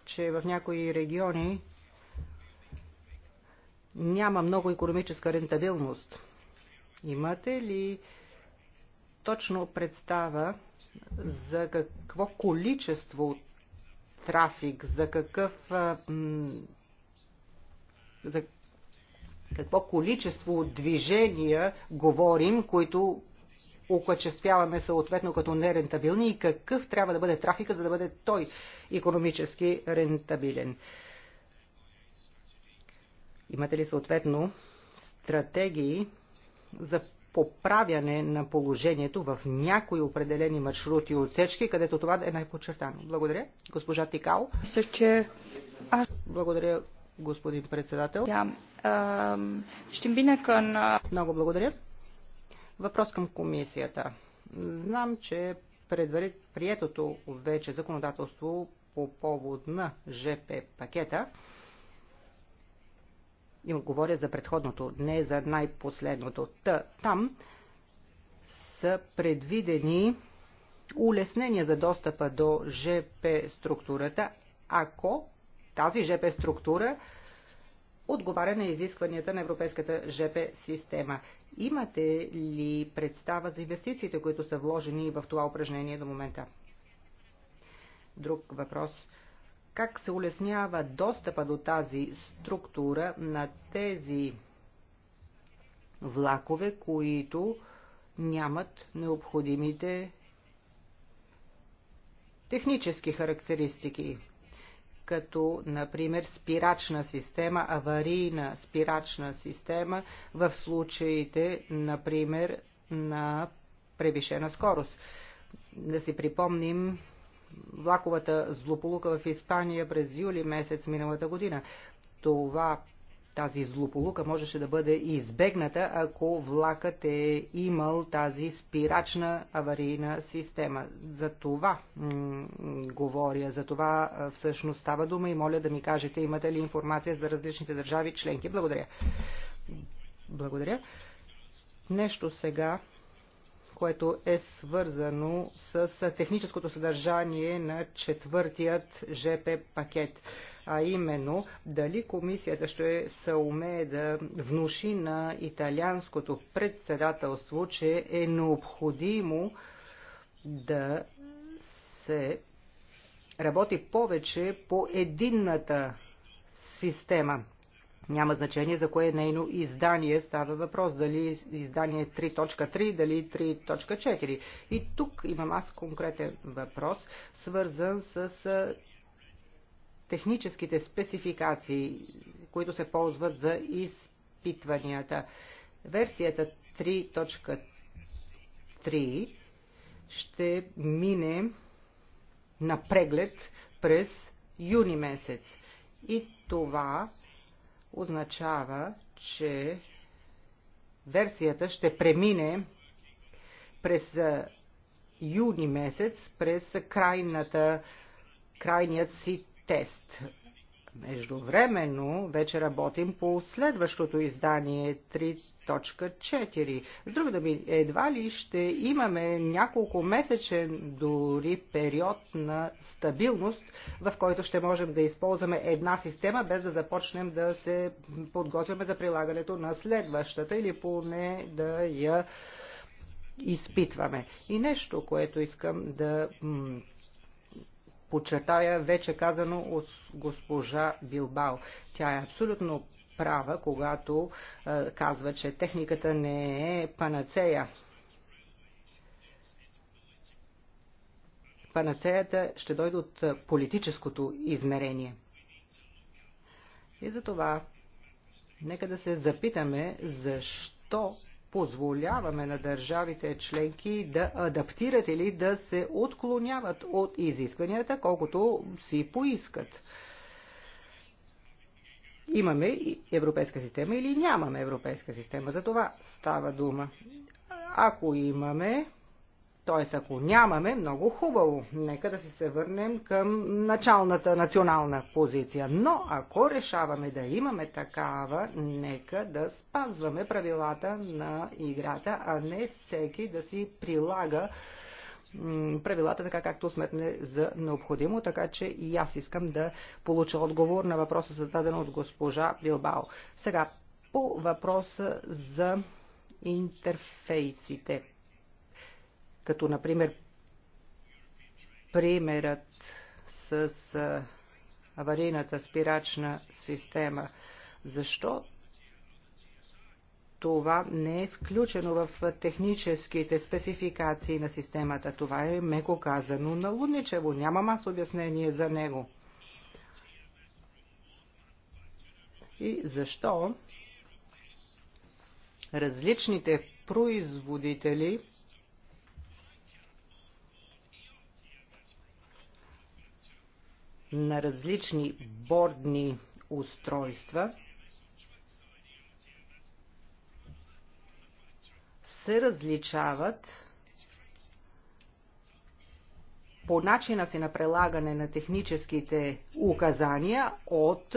че в някои региони няма много економическа рентабилност. Имате ли точно представа за какво количество трафик, за какъв за какво количество движения говорим, които окачествяваме съответно като нерентабилни и какъв трябва да бъде трафика, за да бъде той економически рентабилен. Имате ли съответно стратегии за поправяне на положението в някои определени маршрути и отсечки, където това е най-подчертано. Благодаря. Госпожа Тикао. Благодаря, господин председател. Много благодаря. Въпрос към комисията. Знам, че предварит приетото вече законодателство по повод на ЖП пакета, и говоря за предходното, не за най-последното, Та, там са предвидени улеснения за достъпа до ЖП структурата, ако тази ЖП структура отговаря на изискванията на европейската ЖП система. Имате ли представа за инвестициите, които са вложени в това упражнение до момента? Друг въпрос как се улеснява достъпа до тази структура на тези влакове, които нямат необходимите технически характеристики като, например, спирачна система, аварийна спирачна система в случаите, например, на превишена скорост. Да си припомним влаковата злополука в Испания през юли месец миналата година. Това тази злополука можеше да бъде избегната, ако влакът е имал тази спирачна аварийна система. За това говоря, за това всъщност става дума и моля да ми кажете, имате ли информация за различните държави членки. Благодаря. Благодаря. Нещо сега което е свързано с техническото съдържание на четвъртият ЖП пакет. А именно, дали комисията ще се умее да внуши на италианското председателство, че е необходимо да се работи повече по единната система няма значение за кое нейно издание става въпрос, дали издание 3.3, дали 3.4. И тук имам аз конкретен въпрос, свързан с техническите спецификации, които се ползват за изпитванията. Версията 3.3 ще мине на преглед през юни месец. И това означава, че версията ще премине през юни месец, през крайната, крайният си тест. Междувременно вече работим по следващото издание 3.4. С друга думи, едва ли ще имаме няколко месечен дори период на стабилност, в който ще можем да използваме една система, без да започнем да се подготвяме за прилагането на следващата или поне да я изпитваме. И нещо, което искам да подчертая вече казано от госпожа Билбао. Тя е абсолютно права, когато е, казва, че техниката не е панацея. Панацеята ще дойде от политическото измерение. И за това нека да се запитаме защо позволяваме на държавите членки да адаптират или да се отклоняват от изискванията, колкото си поискат. Имаме европейска система или нямаме европейска система. За това става дума. Ако имаме, Тоест, ако нямаме, много хубаво. Нека да се се върнем към началната национална позиция. Но ако решаваме да имаме такава, нека да спазваме правилата на играта, а не всеки да си прилага правилата така както сметне за необходимо, така че и аз искам да получа отговор на въпроса зададен от госпожа Билбао. Сега, по въпроса за интерфейсите като например примерът с аварийната спирачна система. Защо това не е включено в техническите спецификации на системата? Това е меко казано на Лудничево. Нямам аз обяснение за него. И защо различните производители на различни бордни устройства се различават по начина си на прелагане на техническите указания от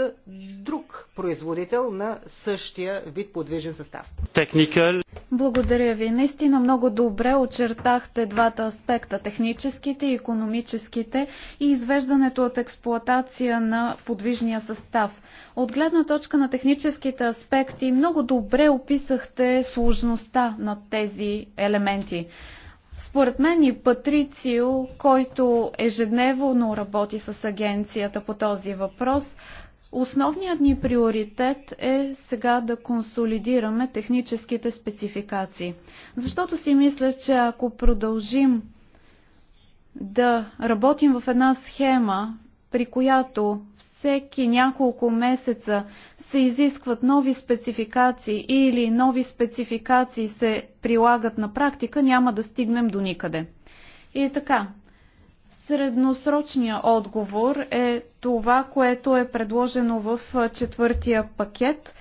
друг производител на същия вид подвижен състав. Technical. Благодаря ви. Наистина много добре очертахте двата аспекта техническите и економическите и извеждането от експлоатация на подвижния състав. От гледна точка на техническите аспекти много добре описахте сложността на тези елементи. Според мен и Патрицио, който ежедневно работи с агенцията по този въпрос, Основният ни приоритет е сега да консолидираме техническите спецификации. Защото си мисля, че ако продължим да работим в една схема, при която всеки няколко месеца се изискват нови спецификации или нови спецификации се прилагат на практика, няма да стигнем до никъде. И така, средносрочният отговор е това, което е предложено в четвъртия пакет.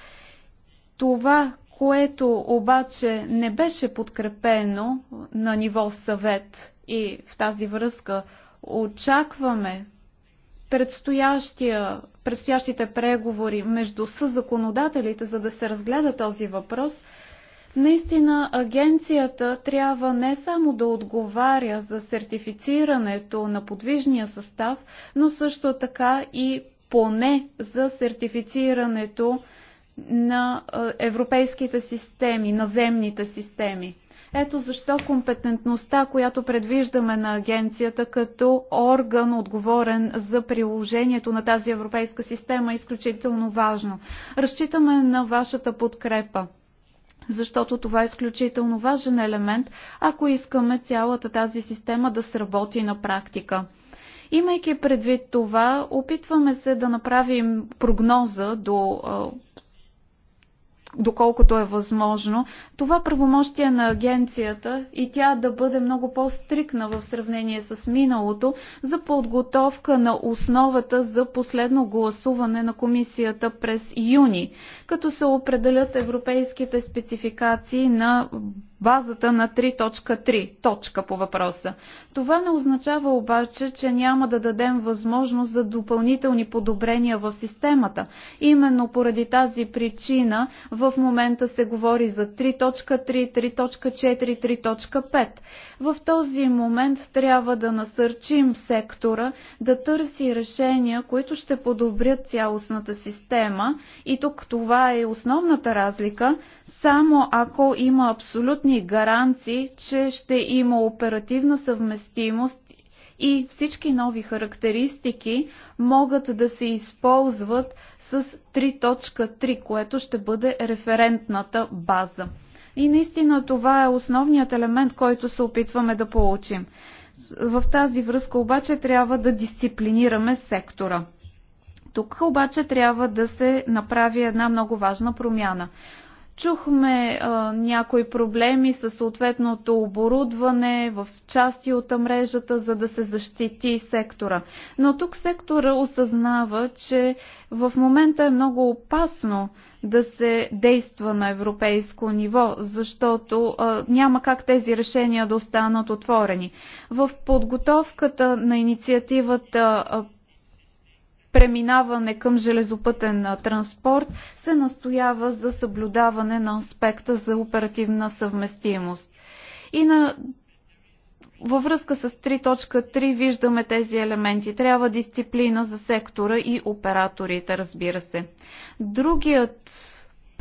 Това, което обаче не беше подкрепено на ниво съвет и в тази връзка очакваме предстоящите преговори между съзаконодателите, за да се разгледа този въпрос, Наистина агенцията трябва не само да отговаря за сертифицирането на подвижния състав, но също така и поне за сертифицирането на европейските системи, наземните системи. Ето защо компетентността, която предвиждаме на агенцията като орган отговорен за приложението на тази европейска система е изключително важно. Разчитаме на вашата подкрепа защото това е изключително важен елемент, ако искаме цялата тази система да сработи на практика. Имайки предвид това, опитваме се да направим прогноза до доколкото е възможно, това правомощие на агенцията и тя да бъде много по-стрикна в сравнение с миналото за подготовка на основата за последно гласуване на комисията през юни, като се определят европейските спецификации на базата на 3.3 точка по въпроса. Това не означава обаче, че няма да дадем възможност за допълнителни подобрения в системата. Именно поради тази причина в момента се говори за 3.3, 3.4, 3.5. В този момент трябва да насърчим сектора да търси решения, които ще подобрят цялостната система. И тук това е основната разлика. Само ако има абсолютни ни гаранции, че ще има оперативна съвместимост и всички нови характеристики могат да се използват с 3.3, което ще бъде референтната база. И наистина това е основният елемент, който се опитваме да получим. В тази връзка обаче трябва да дисциплинираме сектора. Тук обаче трябва да се направи една много важна промяна. Чухме а, някои проблеми с съответното оборудване в части от мрежата, за да се защити сектора. Но тук сектора осъзнава, че в момента е много опасно да се действа на европейско ниво, защото а, няма как тези решения да останат отворени. В подготовката на инициативата а, преминаване към железопътен транспорт се настоява за съблюдаване на аспекта за оперативна съвместимост. И на във връзка с 3.3 виждаме тези елементи. Трябва дисциплина за сектора и операторите, разбира се. Другият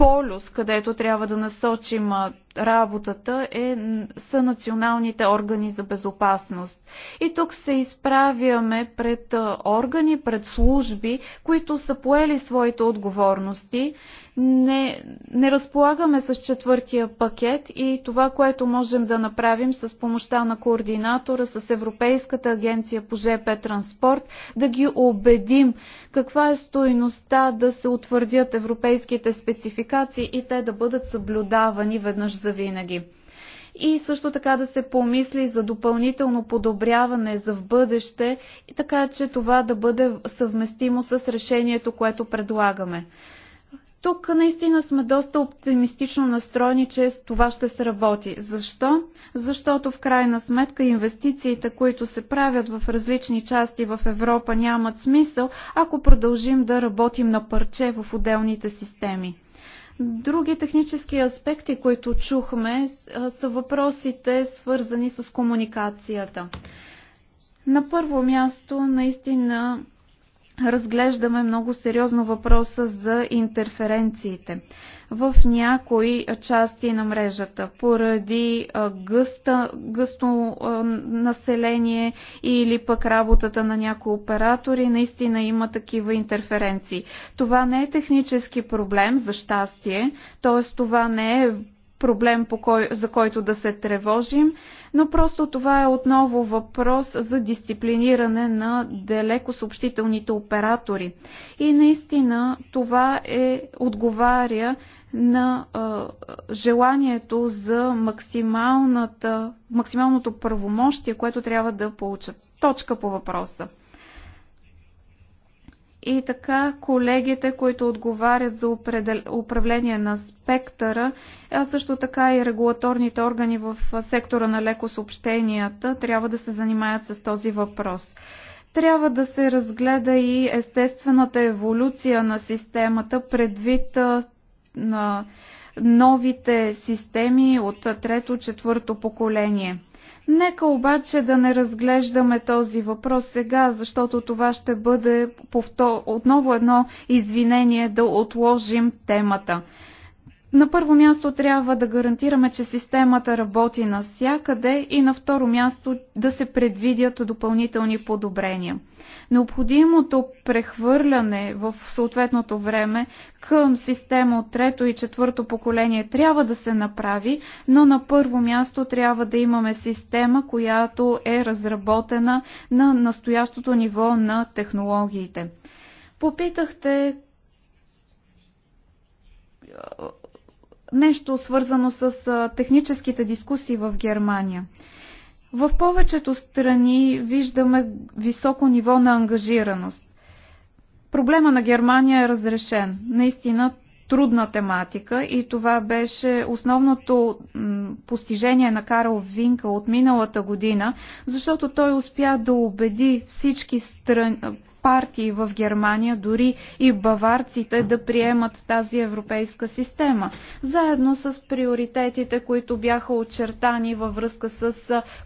полюс, където трябва да насочим работата, е, са националните органи за безопасност. И тук се изправяме пред органи, пред служби, които са поели своите отговорности не, не разполагаме с четвъртия пакет и това, което можем да направим с помощта на координатора, с Европейската агенция по ЖП транспорт, да ги убедим каква е стоеността да се утвърдят европейските спецификации и те да бъдат съблюдавани веднъж за винаги и също така да се помисли за допълнително подобряване за в бъдеще, и така че това да бъде съвместимо с решението, което предлагаме. Тук наистина сме доста оптимистично настроени, че с това ще се работи. Защо? Защото в крайна сметка инвестициите, които се правят в различни части в Европа нямат смисъл, ако продължим да работим на парче в отделните системи. Други технически аспекти, които чухме, са въпросите свързани с комуникацията. На първо място, наистина разглеждаме много сериозно въпроса за интерференциите в някои части на мрежата поради гъста, гъсто население или пък работата на някои оператори. Наистина има такива интерференции. Това не е технически проблем, за щастие, т.е. това не е проблем, по кой, за който да се тревожим, но просто това е отново въпрос за дисциплиниране на далеко съобщителните оператори. И наистина това е отговаря на а, желанието за максималното правомощие, което трябва да получат. Точка по въпроса. И така колегите, които отговарят за управление на спектъра, а също така и регулаторните органи в сектора на леко съобщенията, трябва да се занимаят с този въпрос. Трябва да се разгледа и естествената еволюция на системата предвид на новите системи от трето-четвърто поколение – Нека обаче да не разглеждаме този въпрос сега, защото това ще бъде повтор... отново едно извинение да отложим темата. На първо място трябва да гарантираме, че системата работи навсякъде и на второ място да се предвидят допълнителни подобрения. Необходимото прехвърляне в съответното време към система от трето и четвърто поколение трябва да се направи, но на първо място трябва да имаме система, която е разработена на настоящото ниво на технологиите. Попитахте нещо свързано с техническите дискусии в Германия. В повечето страни виждаме високо ниво на ангажираност. Проблема на Германия е разрешен. Наистина трудна тематика и това беше основното постижение на Карл Винка от миналата година, защото той успя да убеди всички страни, партии в Германия, дори и баварците да приемат тази европейска система. Заедно с приоритетите, които бяха очертани във връзка с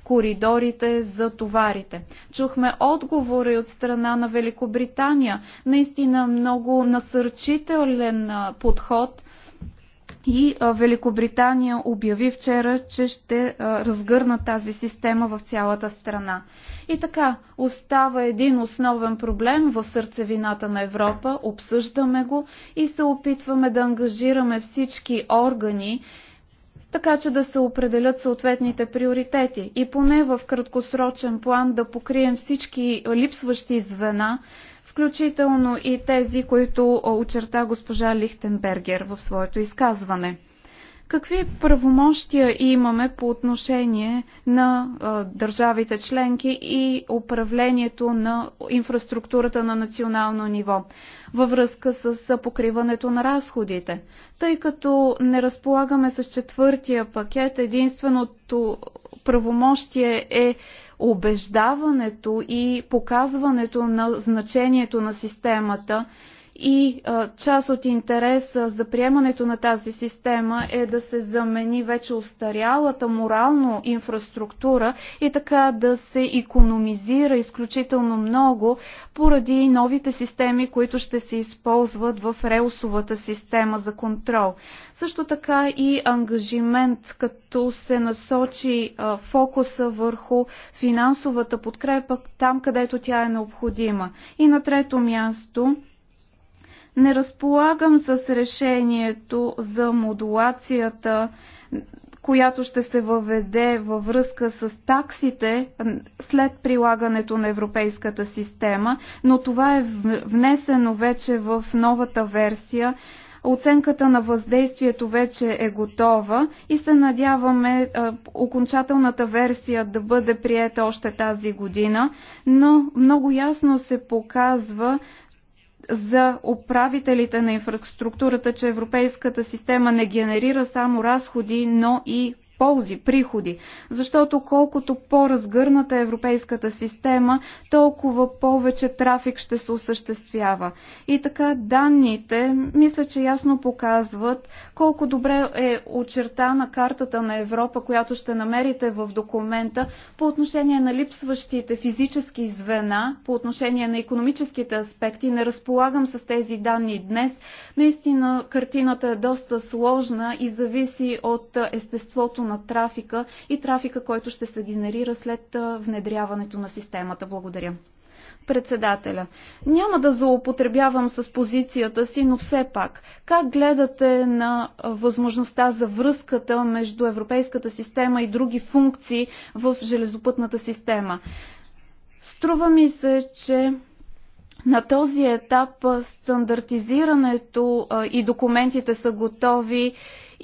коридорите за товарите. Чухме отговори от страна на Великобритания. Наистина много насърчителен подход. И Великобритания обяви вчера, че ще разгърна тази система в цялата страна. И така, остава един основен проблем в сърцевината на Европа, обсъждаме го и се опитваме да ангажираме всички органи, така че да се определят съответните приоритети и поне в краткосрочен план да покрием всички липсващи звена, включително и тези, които очерта госпожа Лихтенбергер в своето изказване. Какви правомощия имаме по отношение на а, държавите членки и управлението на инфраструктурата на национално ниво във връзка с покриването на разходите? Тъй като не разполагаме с четвъртия пакет, единственото правомощие е убеждаването и показването на значението на системата и а, част от интереса за приемането на тази система е да се замени вече устарялата морално инфраструктура и така да се економизира изключително много поради новите системи, които ще се използват в релсовата система за контрол. Също така и ангажимент, като се насочи а, фокуса върху финансовата подкрепа там, където тя е необходима. И на трето място, не разполагам с решението за модулацията, която ще се въведе във връзка с таксите след прилагането на европейската система, но това е внесено вече в новата версия. Оценката на въздействието вече е готова и се надяваме а, окончателната версия да бъде приета още тази година, но много ясно се показва, за управителите на инфраструктурата, че европейската система не генерира само разходи, но и ползи, приходи. Защото колкото по-разгърната е европейската система, толкова повече трафик ще се осъществява. И така данните, мисля, че ясно показват колко добре е очертана картата на Европа, която ще намерите в документа по отношение на липсващите физически звена, по отношение на економическите аспекти. Не разполагам с тези данни днес. Наистина картината е доста сложна и зависи от естеството на трафика и трафика, който ще се генерира след внедряването на системата. Благодаря председателя. Няма да злоупотребявам с позицията си, но все пак, как гледате на възможността за връзката между европейската система и други функции в железопътната система? Струва ми се, че на този етап стандартизирането и документите са готови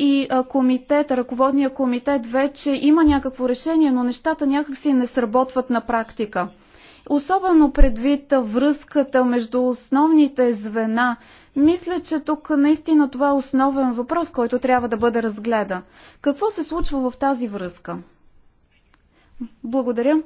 и комитет, ръководния комитет вече има някакво решение, но нещата някакси не сработват на практика. Особено предвид връзката между основните звена, мисля, че тук наистина това е основен въпрос, който трябва да бъде разгледан. Какво се случва в тази връзка? Благодаря.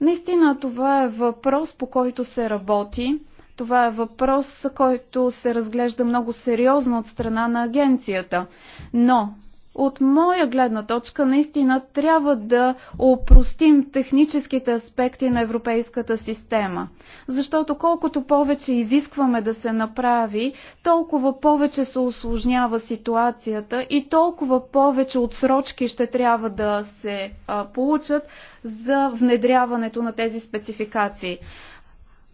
Наистина това е въпрос, по който се работи. Това е въпрос, който се разглежда много сериозно от страна на агенцията. Но от моя гледна точка наистина трябва да опростим техническите аспекти на европейската система. Защото колкото повече изискваме да се направи, толкова повече се осложнява ситуацията и толкова повече отсрочки ще трябва да се а, получат за внедряването на тези спецификации.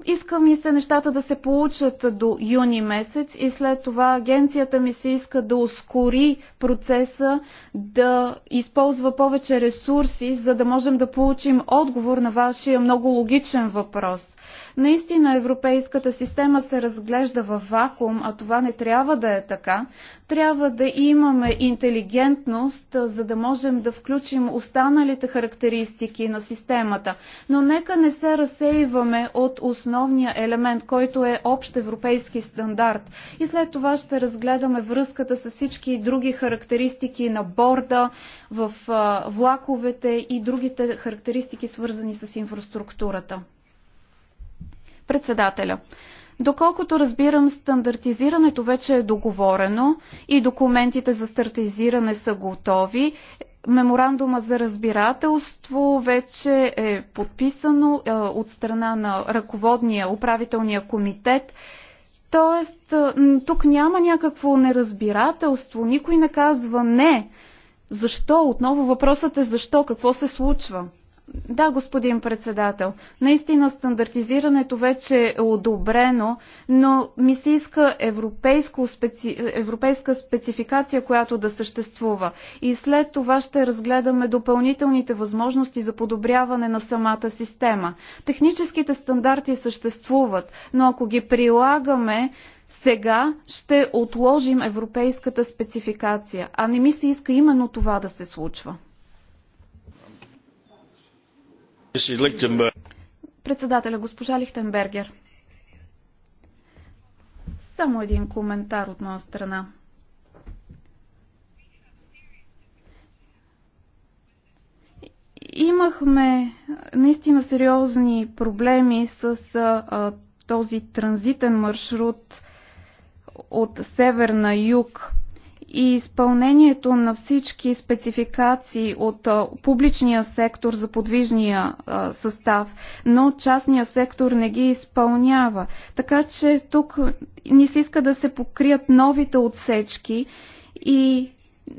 Иска ми се нещата да се получат до юни месец и след това агенцията ми се иска да ускори процеса, да използва повече ресурси, за да можем да получим отговор на вашия много логичен въпрос. Наистина европейската система се разглежда в вакуум, а това не трябва да е така. Трябва да имаме интелигентност, за да можем да включим останалите характеристики на системата. Но нека не се разсеиваме от основния елемент, който е общ европейски стандарт. И след това ще разгледаме връзката с всички други характеристики на борда, в влаковете и другите характеристики, свързани с инфраструктурата. Председателя. Доколкото разбирам, стандартизирането вече е договорено и документите за стартизиране са готови. Меморандума за разбирателство вече е подписано е, от страна на ръководния управителния комитет. Тоест, е, тук няма някакво неразбирателство, никой не казва не. Защо? Отново въпросът е защо, какво се случва? Да, господин председател. Наистина стандартизирането вече е одобрено, но ми се иска специ... европейска спецификация, която да съществува. И след това ще разгледаме допълнителните възможности за подобряване на самата система. Техническите стандарти съществуват, но ако ги прилагаме, сега ще отложим европейската спецификация, а не ми се иска именно това да се случва. Председателя госпожа Лихтенбергер. Само един коментар от моя страна. Имахме наистина сериозни проблеми с а, този транзитен маршрут от север на юг и изпълнението на всички спецификации от публичния сектор за подвижния състав, но частния сектор не ги изпълнява. Така че тук ни се иска да се покрият новите отсечки и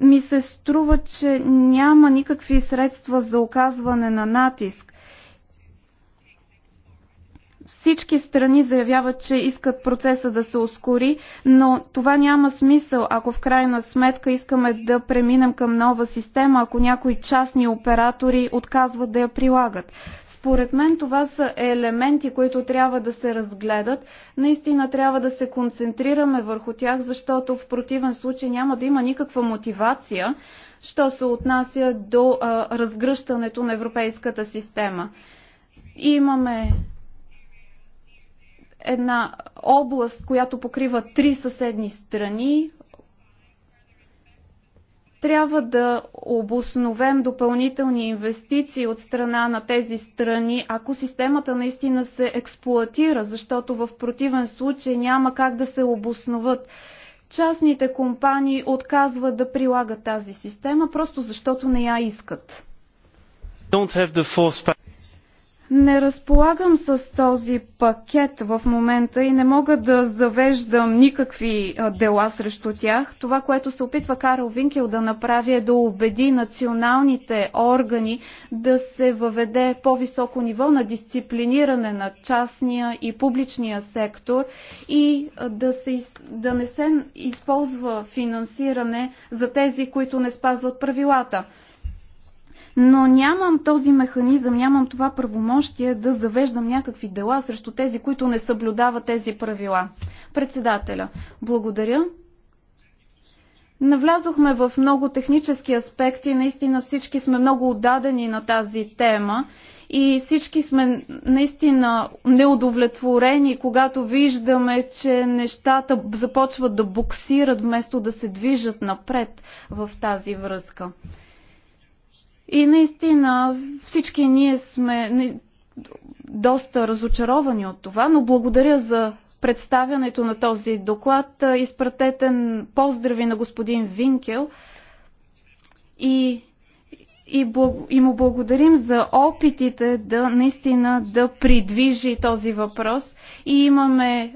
ми се струва, че няма никакви средства за оказване на натиск. Всички страни заявяват, че искат процеса да се ускори, но това няма смисъл, ако в крайна сметка искаме да преминем към нова система, ако някои частни оператори отказват да я прилагат. Според мен това са елементи, които трябва да се разгледат. Наистина трябва да се концентрираме върху тях, защото в противен случай няма да има никаква мотивация, що се отнася до а, разгръщането на европейската система. Имаме една област, която покрива три съседни страни, трябва да обосновем допълнителни инвестиции от страна на тези страни, ако системата наистина се експлуатира, защото в противен случай няма как да се обосноват. Частните компании отказват да прилагат тази система, просто защото не я искат. Don't have the force не разполагам с този пакет в момента и не мога да завеждам никакви дела срещу тях. Това, което се опитва Карл Винкел да направи е да убеди националните органи да се въведе по-високо ниво на дисциплиниране на частния и публичния сектор и да, се, да не се използва финансиране за тези, които не спазват правилата но нямам този механизъм, нямам това правомощие да завеждам някакви дела срещу тези, които не съблюдават тези правила. Председателя, благодаря. Навлязохме в много технически аспекти, наистина всички сме много отдадени на тази тема и всички сме наистина неудовлетворени, когато виждаме, че нещата започват да буксират вместо да се движат напред в тази връзка. И наистина всички ние сме доста разочаровани от това, но благодаря за представянето на този доклад. Изпратете поздрави на господин Винкел и и, благ... и му благодарим за опитите да наистина да придвижи този въпрос. И имаме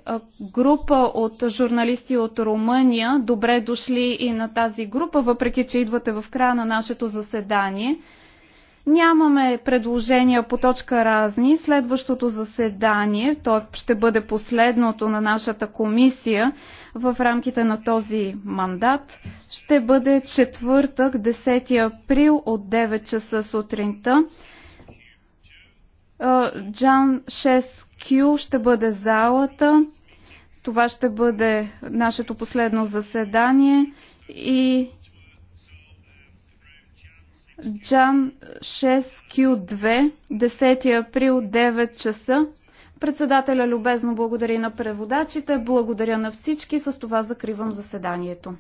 група от журналисти от Румъния. Добре дошли и на тази група, въпреки че идвате в края на нашето заседание. Нямаме предложения по точка разни. Следващото заседание, то ще бъде последното на нашата комисия, в рамките на този мандат. Ще бъде четвъртък, 10 април от 9 часа сутринта. Джан 6Q ще бъде залата. Това ще бъде нашето последно заседание и Джан 6Q2, 10 април, 9 часа. Председателя любезно благодари на преводачите, благодаря на всички, с това закривам заседанието.